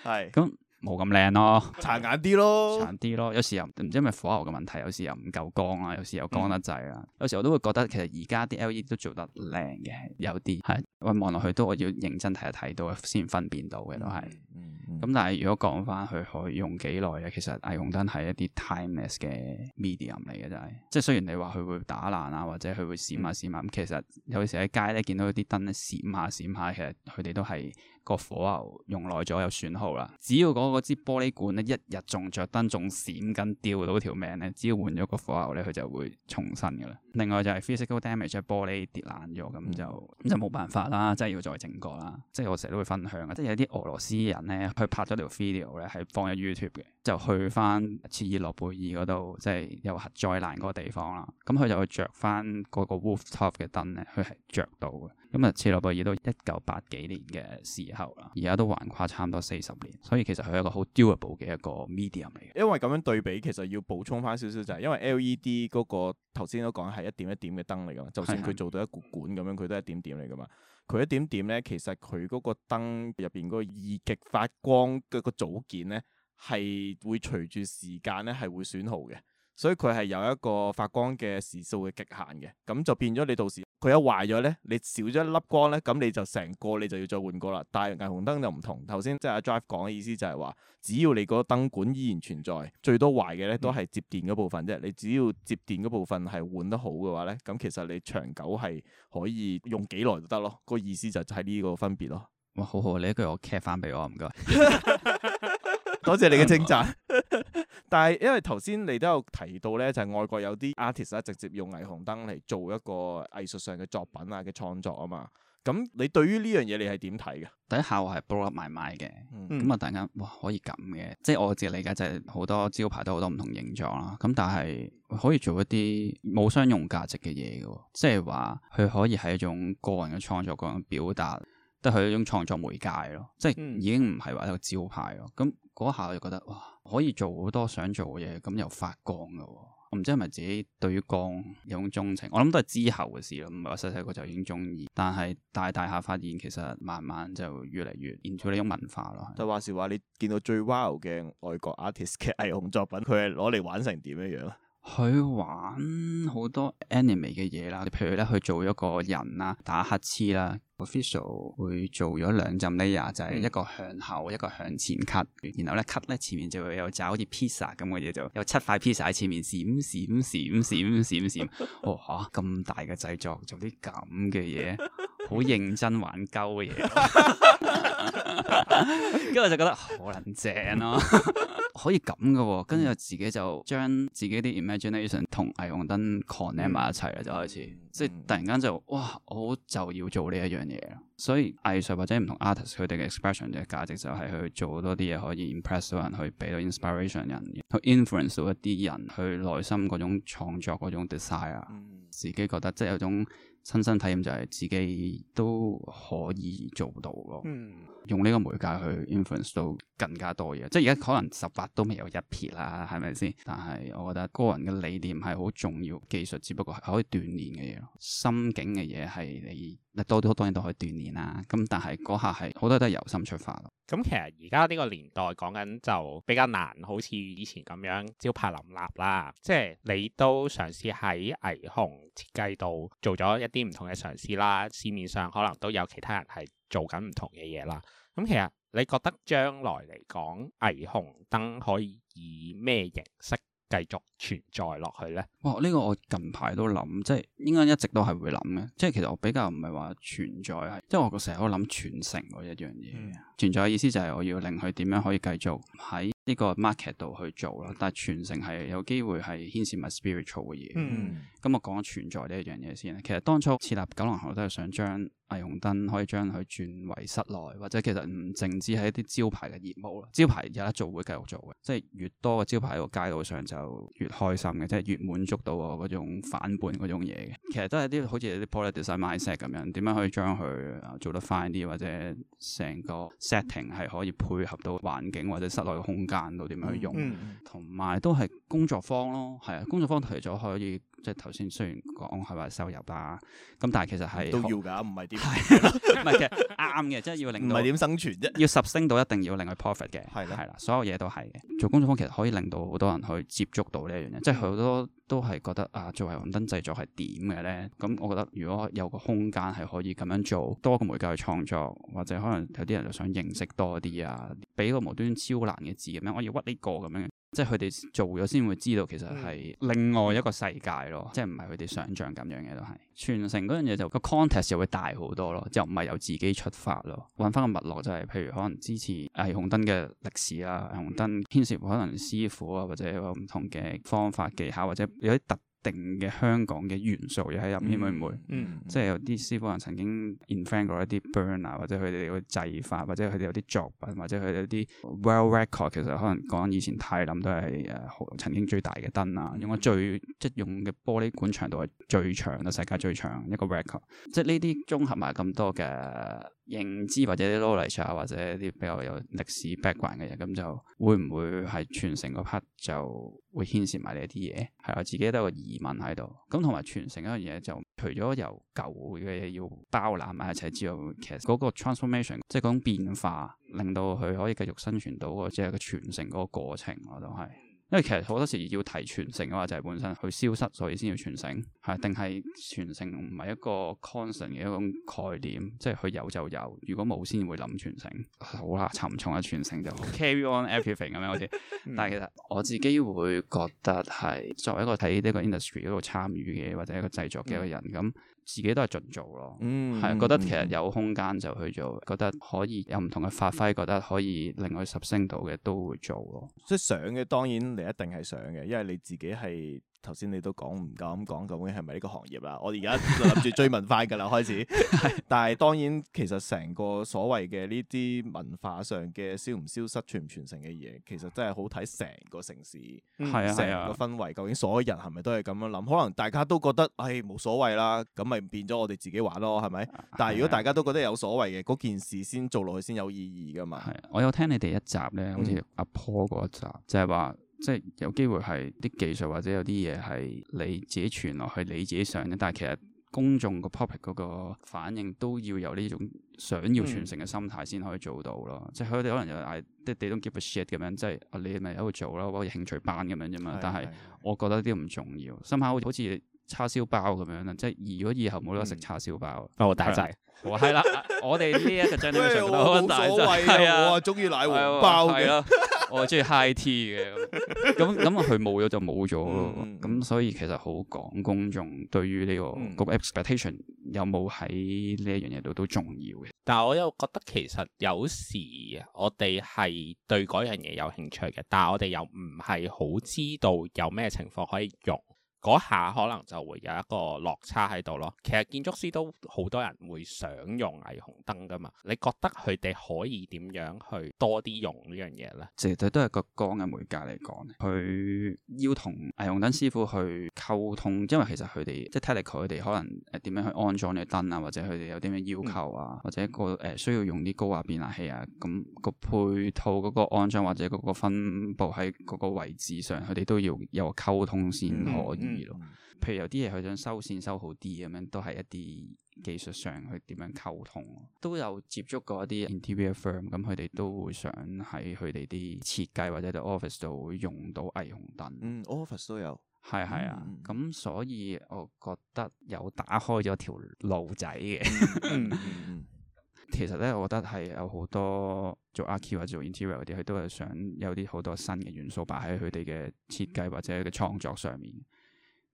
係咁。冇咁靚咯，殘眼啲咯，殘啲咯，有時又唔知因為火候嘅問題，有時又唔夠光啊，有時又光得滯啊，嗯、有時我都會覺得其實而家啲 LED 都做得靚嘅，有啲係，喂望落去都我要認真睇一睇到先分辨到嘅都係，咁、嗯嗯嗯嗯、但係如果講翻佢可以用幾耐啊，其實霓虹燈係一啲 timeless 嘅 medium 嚟嘅，就係，即係雖然你話佢會打爛啊，或者佢會閃下閃下，咁、嗯、其實有時喺街咧見到啲燈咧閃下閃下，其實佢哋都係。火個，個火牛用耐咗有損耗啦，只要嗰支玻璃管咧一日仲着燈仲閃緊，吊到條命咧，只要換咗個火牛咧，佢就會重新嘅啦。另外就係 physical damage 嘅玻璃跌爛咗，咁就咁、嗯、就冇辦法啦，即係要再整過啦。即、就、係、是、我成日都會分享嘅，即、就、係、是、有啲俄羅斯人咧，佢拍咗條 video 咧，係放喺 YouTube 嘅，就去翻切爾諾貝爾嗰度，即係有核災難嗰個地方啦。咁佢就着翻嗰個 roof top 嘅燈咧，佢係着到嘅。咁啊，切諾貝爾都一九八幾年嘅時候啦，而家都橫跨差唔多四十年，所以其實佢係一個好 durable 嘅一個 medium 嚟嘅。因為咁樣對比，其實要補充翻少少就係，因為 LED 嗰、那個頭先都講係。一點一點嘅燈嚟㗎嘛，的就算佢做到一個管咁樣，佢都係一點點嚟㗎嘛。佢一點點咧，其實佢嗰個燈入邊嗰個二極發光嘅個組件咧，係會隨住時間咧係會損耗嘅，所以佢係有一個發光嘅時數嘅極限嘅，咁就變咗你到時。佢一壞咗咧，你少咗一粒光咧，咁你就成個你就要再換過啦。但係霓虹燈就唔同，頭先即係阿 Jive 講嘅意思就係話，只要你個燈管依然存在，最多壞嘅咧都係接電嗰部分啫。你只要接電嗰部分係換得好嘅話咧，咁其實你長久係可以用幾耐都得咯。個意思就係呢個分別咯。哇，好好，你一句我 catch 翻俾我，唔該，多謝你嘅稱讚。但係，因為頭先你都有提到咧，就係、是、外國有啲 artist、啊、直接用霓虹燈嚟做一個藝術上嘅作品啊嘅創作啊嘛。咁你對於呢樣嘢，你係點睇嘅？嗯、第一下我係 blog 埋埋嘅，咁、嗯、啊，大家哇，可以咁嘅，即係我自己理解就係好多招牌都好多唔同形狀啦。咁、嗯嗯嗯嗯、但係可以做一啲冇商用價值嘅嘢嘅，即係話佢可以係一種個人嘅創作、個人表達，得佢一種創作媒介咯。即係已經唔係話一個招牌咯。咁嗰一下我就覺得哇！可以做好多想做嘅嘢，咁又發光嘅喎，我唔知係咪自己對於光有種鍾情，我諗都係之後嘅事咯，唔係話細細個就已經中意，但係大大下發現其實慢慢就越嚟越融入呢種文化咯。就話時話你見到最 wow 嘅外國 artist 嘅藝術作品，佢係攞嚟玩成點樣樣啊？佢玩好多 anime 嘅嘢啦，譬如咧去做一個人啦，打乞嗤啦。official 會做咗兩浸呢，a 就係一個向後，一個向前 cut，然後咧 cut 咧前面就會有就好似 pizza 咁嘅嘢，就有七塊 pizza 喺前面閃閃閃閃閃閃，哇咁、哦、大嘅製作，做啲咁嘅嘢，好認真玩鳩嘅嘢，跟 住 就覺得可能正咯、啊， 可以咁噶、哦，跟住自己就將自己啲 imagination 同霓虹燈 connect 埋、嗯、一齊啦，就開始，嗯、即係突然間就哇，我就要做呢一樣。嘢，所以藝術或者唔同 artist 佢哋嘅 expression 嘅價值就係去做多啲嘢可以 impress 到人，去俾到 inspiration 人，去 influence 到一啲人去內心嗰種創作嗰種 desire，自己覺得即係有種親身體驗就係自己都可以做到咯。嗯用呢個媒介去 influence 到更加多嘢，即係而家可能十八都未有一撇啦，係咪先？但係我覺得個人嘅理念係好重要，技術只不過係可以鍛鍊嘅嘢咯。心境嘅嘢係你多多當然都可以鍛鍊啦。咁但係嗰下係好多都係由心出發咯。咁、嗯、其實而家呢個年代講緊就比較難，好似以前咁樣招牌林立啦。即係你都嘗試喺霓虹設計度做咗一啲唔同嘅嘗試啦。市面上可能都有其他人係。做緊唔同嘅嘢啦，咁其實你覺得將來嚟講，霓虹燈可以以咩形式繼續存在落去呢？哇！呢、這個我近排都諗，即係應該一直都係會諗嘅。即係其實我比較唔係話存在，係、嗯、即係我個成日都諗傳承嗰一樣嘢。嗯、存在嘅意思就係我要令佢點樣可以繼續喺呢個 market 度去做咯。但係傳承係有機會係牽涉埋 spiritual 嘅嘢。嗯，咁、嗯嗯、我講存在呢一樣嘢先。其實當初設立九龍霓虹我都係想將。霓虹燈可以將佢轉為室內，或者其實唔淨止喺一啲招牌嘅業務咯。招牌有得做會繼續做嘅，即係越多嘅招牌喺個街道上就越開心嘅，即係越滿足到我嗰種反叛嗰種嘢嘅。其實都係啲好似啲 politics design mindset 咁樣，點樣可以將佢做得快啲，或者成個 setting 係可以配合到環境或者室內嘅空間度點樣去用，同埋、嗯嗯、都係。工作坊咯，係啊！工作坊提咗可以，即係頭先雖然講係話收入啊，咁但係其實係都要噶，唔係點係唔係嘅啱嘅，即係要令唔係點生存啫，要十升到一定要令佢 profit 嘅，係咯，係啦，所有嘢都係嘅。做工作坊其實可以令到好多人去接觸到呢樣嘢，嗯、即係好多都係覺得啊，作為霓虹燈製作係點嘅咧。咁我覺得如果有個空間係可以咁樣做，多個媒介去創作，或者可能有啲人就想認識多啲啊，俾個無端超難嘅字咁樣，我要屈呢、呢個咁樣。即係佢哋做咗先會知道，其實係另外一個世界咯，即係唔係佢哋想象咁樣嘅都係傳承嗰樣嘢就，個 context 就會大好多咯，之後唔係由自己出發咯，揾翻個脈絡就係、是，譬如可能支持霓虹燈嘅歷史啊，霓虹燈牽涉可能師傅啊，或者有唔同嘅方法技巧，或者有啲特定嘅香港嘅元素又喺入面會唔會？嗯，即係有啲師傅人曾經 invent 過一啲 burn 啊、er，或者佢哋嘅製法，或者佢哋有啲作品，或者佢哋有啲 world record。其實可能講以前泰林都係誒、呃、曾經最大嘅燈啊，用最、嗯、即係用嘅玻璃管長度係最長嘅世界最長一個 record 即，即係呢啲綜合埋咁多嘅。認知或者啲 knowledge 啊，或者啲比較有歷史 background 嘅嘢，咁就會唔會係傳承嗰 part 就會牽涉埋一啲嘢？係我自己都有一個疑問喺度。咁同埋傳承一樣嘢，就除咗由舊嘅嘢要包攬埋一齊之外，其實嗰個 transformation，即係嗰種變化，令到佢可以繼續生存到個即係個傳承嗰個過程，我都係。因為其實好多時要提傳承嘅話，就係本身佢消失，所以先要傳承。係定係傳承唔係一個 constant 嘅一種概念，即係佢有就有，如果冇先會諗傳承、啊，好啦，沉重嘅傳承就 carry on everything 咁樣好似。 但係其實我自己會覺得係作為一個睇呢個 industry 嗰度參與嘅或者一個製作嘅一個人，咁、嗯、自己都係盡做咯。嗯，係覺得其實有空間就去做，覺得可以有唔同嘅發揮，嗯、覺得可以令佢提升到嘅都會做咯。即係想嘅，當然你一定係想嘅，因為你自己係。頭先你都講唔敢咁講，究竟係咪呢個行業啦？我而家就諗住追文化噶啦開始， 但係當然其實成個所謂嘅呢啲文化上嘅消唔消失、傳唔傳承嘅嘢，其實真係好睇成個城市、成個氛圍究竟所有人係咪都係咁樣諗？可能大家都覺得唉冇、哎、所謂啦，咁咪變咗我哋自己玩咯，係咪？但係如果大家都覺得有所謂嘅嗰件事，先做落去先有意義噶嘛。我有聽你第一集咧，好似阿 Paul 嗰一集、嗯、就係話。即係有機會係啲技術或者有啲嘢係你自己傳落去你自己想嘅，但係其實公眾個 topic 嗰個反應都要有呢種想要傳承嘅心態先可以做到咯。嗯、即係佢哋可能又係即係 they don't give a shit 咁樣，即係你咪喺度做咯，或者興趣班咁樣啫嘛。的但係我覺得啲唔重要，深刻好似。好叉燒包咁樣啦，即係如果以後冇得食叉燒包，不、哦、 我大曬，我啦、 欸，我哋呢一個 generation 好我啊中意奶黃包嘅， 我啊中意 high tea 嘅，咁咁啊佢冇咗就冇咗咯，咁、嗯、所以其實好講公眾對於呢、這個、嗯、個 expectation 有冇喺呢一樣嘢度都重要嘅。但係我又覺得其實有時我哋係對嗰樣嘢有興趣嘅，但係我哋又唔係好知道有咩情況可以用。嗰下可能就會有一個落差喺度咯。其實建築師都好多人會想用霓虹燈噶嘛。你覺得佢哋可以點樣去多啲用呢樣嘢咧？其實都係個光嘅媒介嚟講，佢要同霓虹燈師傅去溝通，因為其實佢哋即係 technical 佢哋可能誒點樣去安裝啲燈啊，或者佢哋有啲咩要求啊，嗯、或者個誒、呃、需要用啲高壓變壓器啊，咁、嗯那個配套嗰個安裝或者嗰個分布喺嗰個位置上，佢哋都要有溝通先可以。嗯嗯、譬如有啲嘢佢想收線修好啲咁樣，都係一啲技術上去點樣溝通。都有接觸過一啲 interior firm，咁佢哋都會想喺佢哋啲設計或者喺 office 度會用到霓虹燈。嗯，office 都有，係係啊。咁、嗯、所以我覺得有打開咗條路仔嘅。其實咧，我覺得係有好多做 architect 或者做 interior 嗰啲，佢都係想有啲好多新嘅元素擺喺佢哋嘅設計或者嘅創作上面。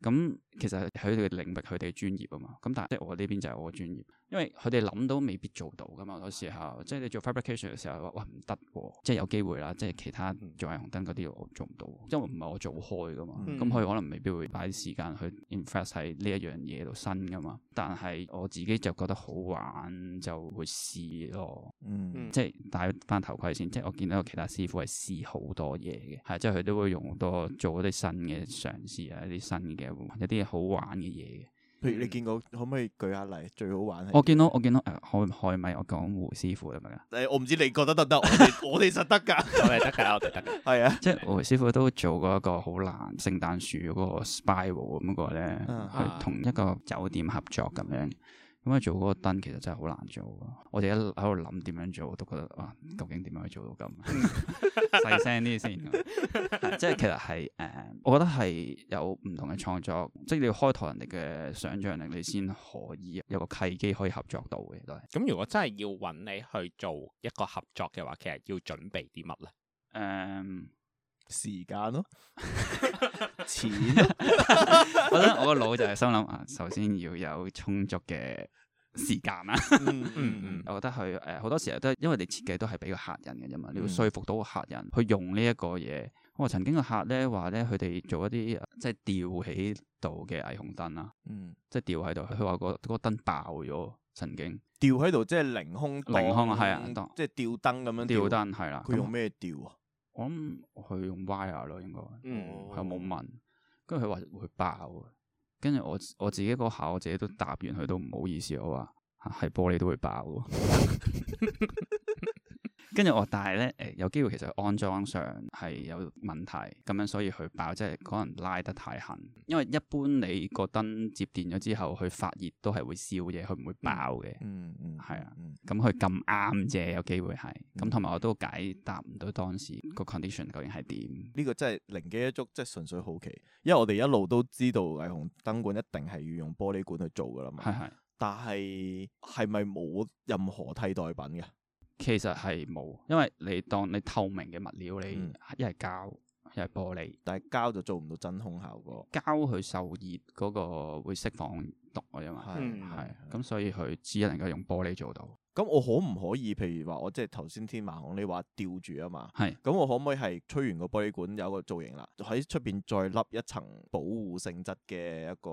咁其實佢哋嘅領域，佢哋嘅專業啊嘛。咁但係即係我呢邊就係我嘅專業，因為佢哋諗到未必做到噶嘛。好多時候即係你做 fabrication 嘅時候話，哇唔得喎！即係有機會啦，即係其他做霓虹燈嗰啲我做唔到，因為唔係我做開噶嘛。咁佢、嗯、可能未必會擺時間去 invest 喺呢一樣嘢度新噶嘛。但係我自己就覺得好玩，就會試咯。嗯，即係戴翻頭盔先。即係我見到有其他師傅係試好多嘢嘅，係即係佢都會用多做一啲新嘅嘗試啊，一啲新嘅。有啲嘢好玩嘅嘢，譬如你見過，嗯、可唔可以舉下例？最好玩係我見到，我見到，可唔可以咪我講胡師傅係咪啊？誒、哎，我唔知你覺得得唔得？ 我哋實得噶， 我哋得噶，我哋得。係啊，即係胡師傅都做過一個好難聖誕樹嗰個 spiral 咁個咧，uh huh. 去同一個酒店合作咁樣。Uh huh. 咁啊、嗯，做嗰個燈其實真係好難做。我哋一喺度諗點樣做，都覺得哇，究竟點樣可以做到咁 細聲啲先？ 即係其實係誒，uh, 我覺得係有唔同嘅創作，即係你要開拓人哋嘅想像力，你先可以有個契機可以合作到嘅。咁如果真係要搵你去做一個合作嘅話，其實要準備啲乜咧？誒。Um, 時間咯、哦， 錢， 我覺得我個腦就係心諗啊，首先要有充足嘅時間啊。嗯 嗯我覺得佢誒好多時候都係因為你設計都係俾個客人嘅啫嘛，你要說服到個客人去用呢一個嘢。嗯、我曾經個客咧話咧，佢哋做一啲、啊、即係吊起度嘅霓虹燈啦，嗯，即係吊喺度。佢話、嗰個嗰、嗰個燈爆咗，曾經吊喺度即係凌,凌空，凌空啊，係啊，即係吊燈咁樣，吊燈係啦。佢用咩吊啊？我諗佢用 wire 咯，應該，佢冇問，跟住佢話會爆，跟住我我自己嗰下，我自己都答完，佢都唔好意思，我話係玻璃都會爆。 跟住我，但係咧，誒有機會其實安裝上係有問題，咁樣所以佢爆，即係可能拉得太狠。因為一般你個燈接電咗之後，佢發熱都係會燒嘢，佢唔會爆嘅。嗯嗯，係啊。咁佢咁啱啫，有機會係。咁同埋我都解答唔到當時個 condition 究竟係點。呢個真係靈機一觸，即係純粹好奇。因為我哋一路都知道霓虹燈管一定係要用玻璃管去做噶啦嘛。係係。但係係咪冇任何替代品嘅？其實係冇，因為你當你透明嘅物料，你一係膠一係、嗯、玻璃，但係膠就做唔到真空效果，膠佢受熱嗰個會釋放毒啊嘛，係，咁所以佢只能夠用玻璃做到。咁、嗯嗯嗯、我可唔可以，譬如話我即係頭先天馬行，你話吊住啊嘛，係是，咁我可唔可以係吹完個玻璃管有個造型啦，喺出邊再笠一層保護性質嘅一個，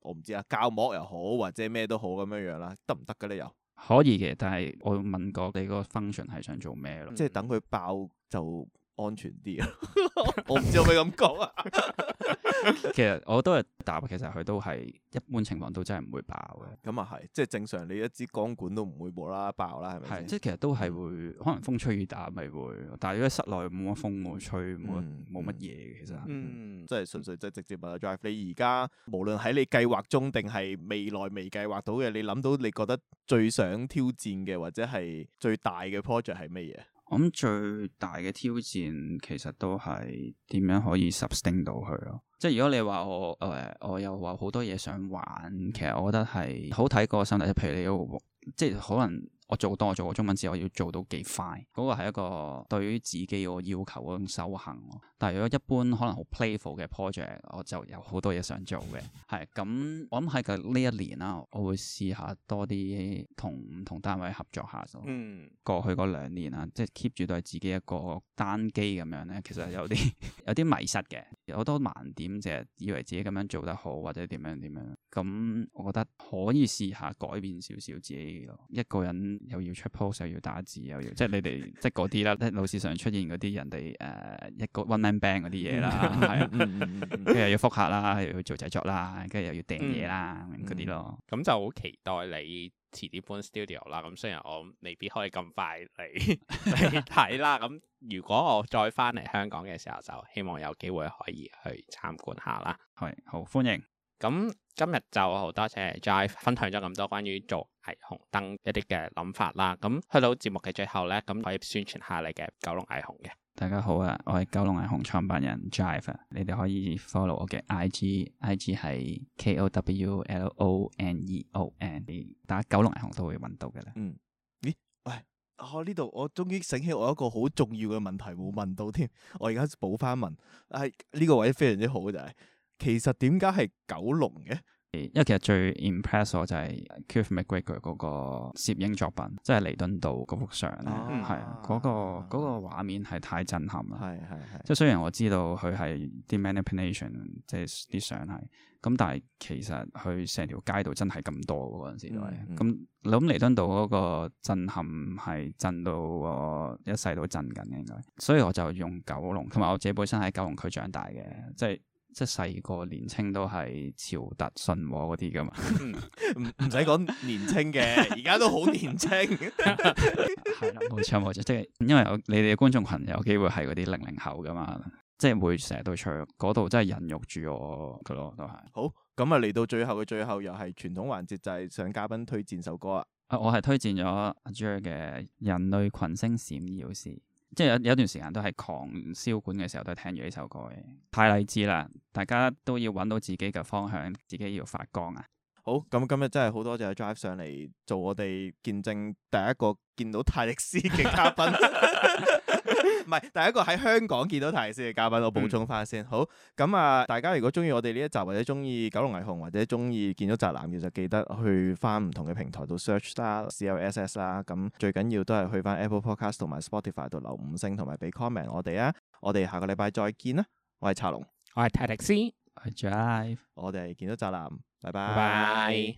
我唔知啊，膠膜又好或者咩都好咁樣樣啦，得唔得㗎咧又？可以嘅，但係我問過你個 function 係想做咩咯？嗯、即係等佢爆就安全啲啊！ 我唔知可唔可以咁講啊？ 其實我都係答，其實佢都係一般情況都真係唔會爆嘅。咁啊係，即係正常你一支鋼管都唔會冇啦啦爆啦，係咪？係，即係其實都係會，可能風吹雨打咪會，但係如果室內冇乜風冇吹冇乜嘢，其實，嗯，即係純粹即係直接啊，Jive、嗯、你而家無論喺你計劃中定係未來未計劃到嘅，你諗到你覺得最想挑戰嘅或者係最大嘅 project 係乜嘢？我諗最大嘅挑戰其實都係點樣可以 sustain 到佢咯。即係如果你話我誒，我又話好多嘢想玩，其實我覺得係好睇個心態。譬如你要，即係可能我做多做中文字，我要做到幾快，嗰、嗰個係一個對於自己個要求種修行。但係如果一般可能好 playful 嘅 project，我就有好多嘢想做嘅，係， 咁我諗喺佢呢一年啦，我會試下多啲同唔同單位合作下咯。嗯，過去兩年啊，即係 keep 住都自己一個單機咁樣咧，其實有啲有啲迷失嘅，有好多盲點就係以為自己咁樣做得好或者點樣點樣，咁我覺得可以試下改變少少自己。一個人又要出 post 又要打字又要， 即係你哋即係嗰啲啦，即係老是常出現嗰啲人哋，誒、呃、一個。band 啲嘢啦，係，跟住要覆客啦，又要做製作啦，跟住又要訂嘢啦，嗰啲咯。咁就好期待你遲啲搬 studio 啦。咁雖然我未必可以咁快嚟睇啦。咁如果我再翻嚟香港嘅時候，就希望有機會可以去參觀下啦。係，好歡迎。咁今日就好多謝 Jive 分享咗咁多關於做霓虹燈一啲嘅諗法啦。咁去到節目嘅最後咧，咁可以宣傳下你嘅九龍霓虹嘅。大家好啊！我係九龍霓虹創辦人 Jive 啊，你哋可以 follow 我嘅 IG，IG 係 K O W L O N E O N A，大家打九龍霓虹都會揾到嘅啦。嗯，咦、欸，喂，我呢度我終於醒起我一個好重要嘅問題冇問到添，我而家補翻問，係、哎、呢、呢個位非常之好就係，其實點解係九龍嘅？因為其實最 impress 我就係 Keith MacGregor 嗰個攝影作品，即係彌敦道嗰幅相，係啊嗰、嗰個嗰畫、嗰個、面係太震撼啦！即係雖然我知道佢係啲 manipulation，即係啲相係，咁但係其實佢成條街度真係咁多嗰陣時都，因為咁諗彌敦道嗰個震撼係震到我一世都震緊嘅，應該。所以我就用九龍，同埋我自己本身喺九龍區長大嘅，即係。即係細個年青都係朝德信和嗰啲噶嘛， 唔使講年青嘅，而家都好年青， 係啦冇錯冇錯，即係因為我你哋嘅觀眾群有機會係嗰啲零零後噶嘛，即係會成日都唱嗰度，真係人肉住我噶咯，都係。好，咁啊嚟到最後嘅最後，又係傳統環節，就係、是、想嘉賓推薦首歌啊！啊，我係推薦咗阿 Jer 嘅《人類群星閃耀時》。即係有有段時間都係狂燒管嘅時候，都聽住呢首歌嘅，太勵志啦！大家都要揾到自己嘅方向，自己要發光啊！好咁，今日真係好多謝阿 Jive 上嚟做我哋見證，第一個見到泰迪斯嘅嘉賓，唔係 第一個喺香港見到泰迪斯嘅嘉賓。我補充翻先。嗯、好咁啊，大家如果中意我哋呢一集，或者中意九龍霓虹，或者中意見到宅男，其就記得去翻唔同嘅平台度 search 啦，C L S 啦。咁、嗯、最緊要都係去翻 Apple Podcast 同埋 Spotify 度留五星同埋俾 comment 我哋啊。我哋下個禮拜再見啦。我係查龍，我係泰迪斯，我係 Jive，我哋見到宅男。拜拜。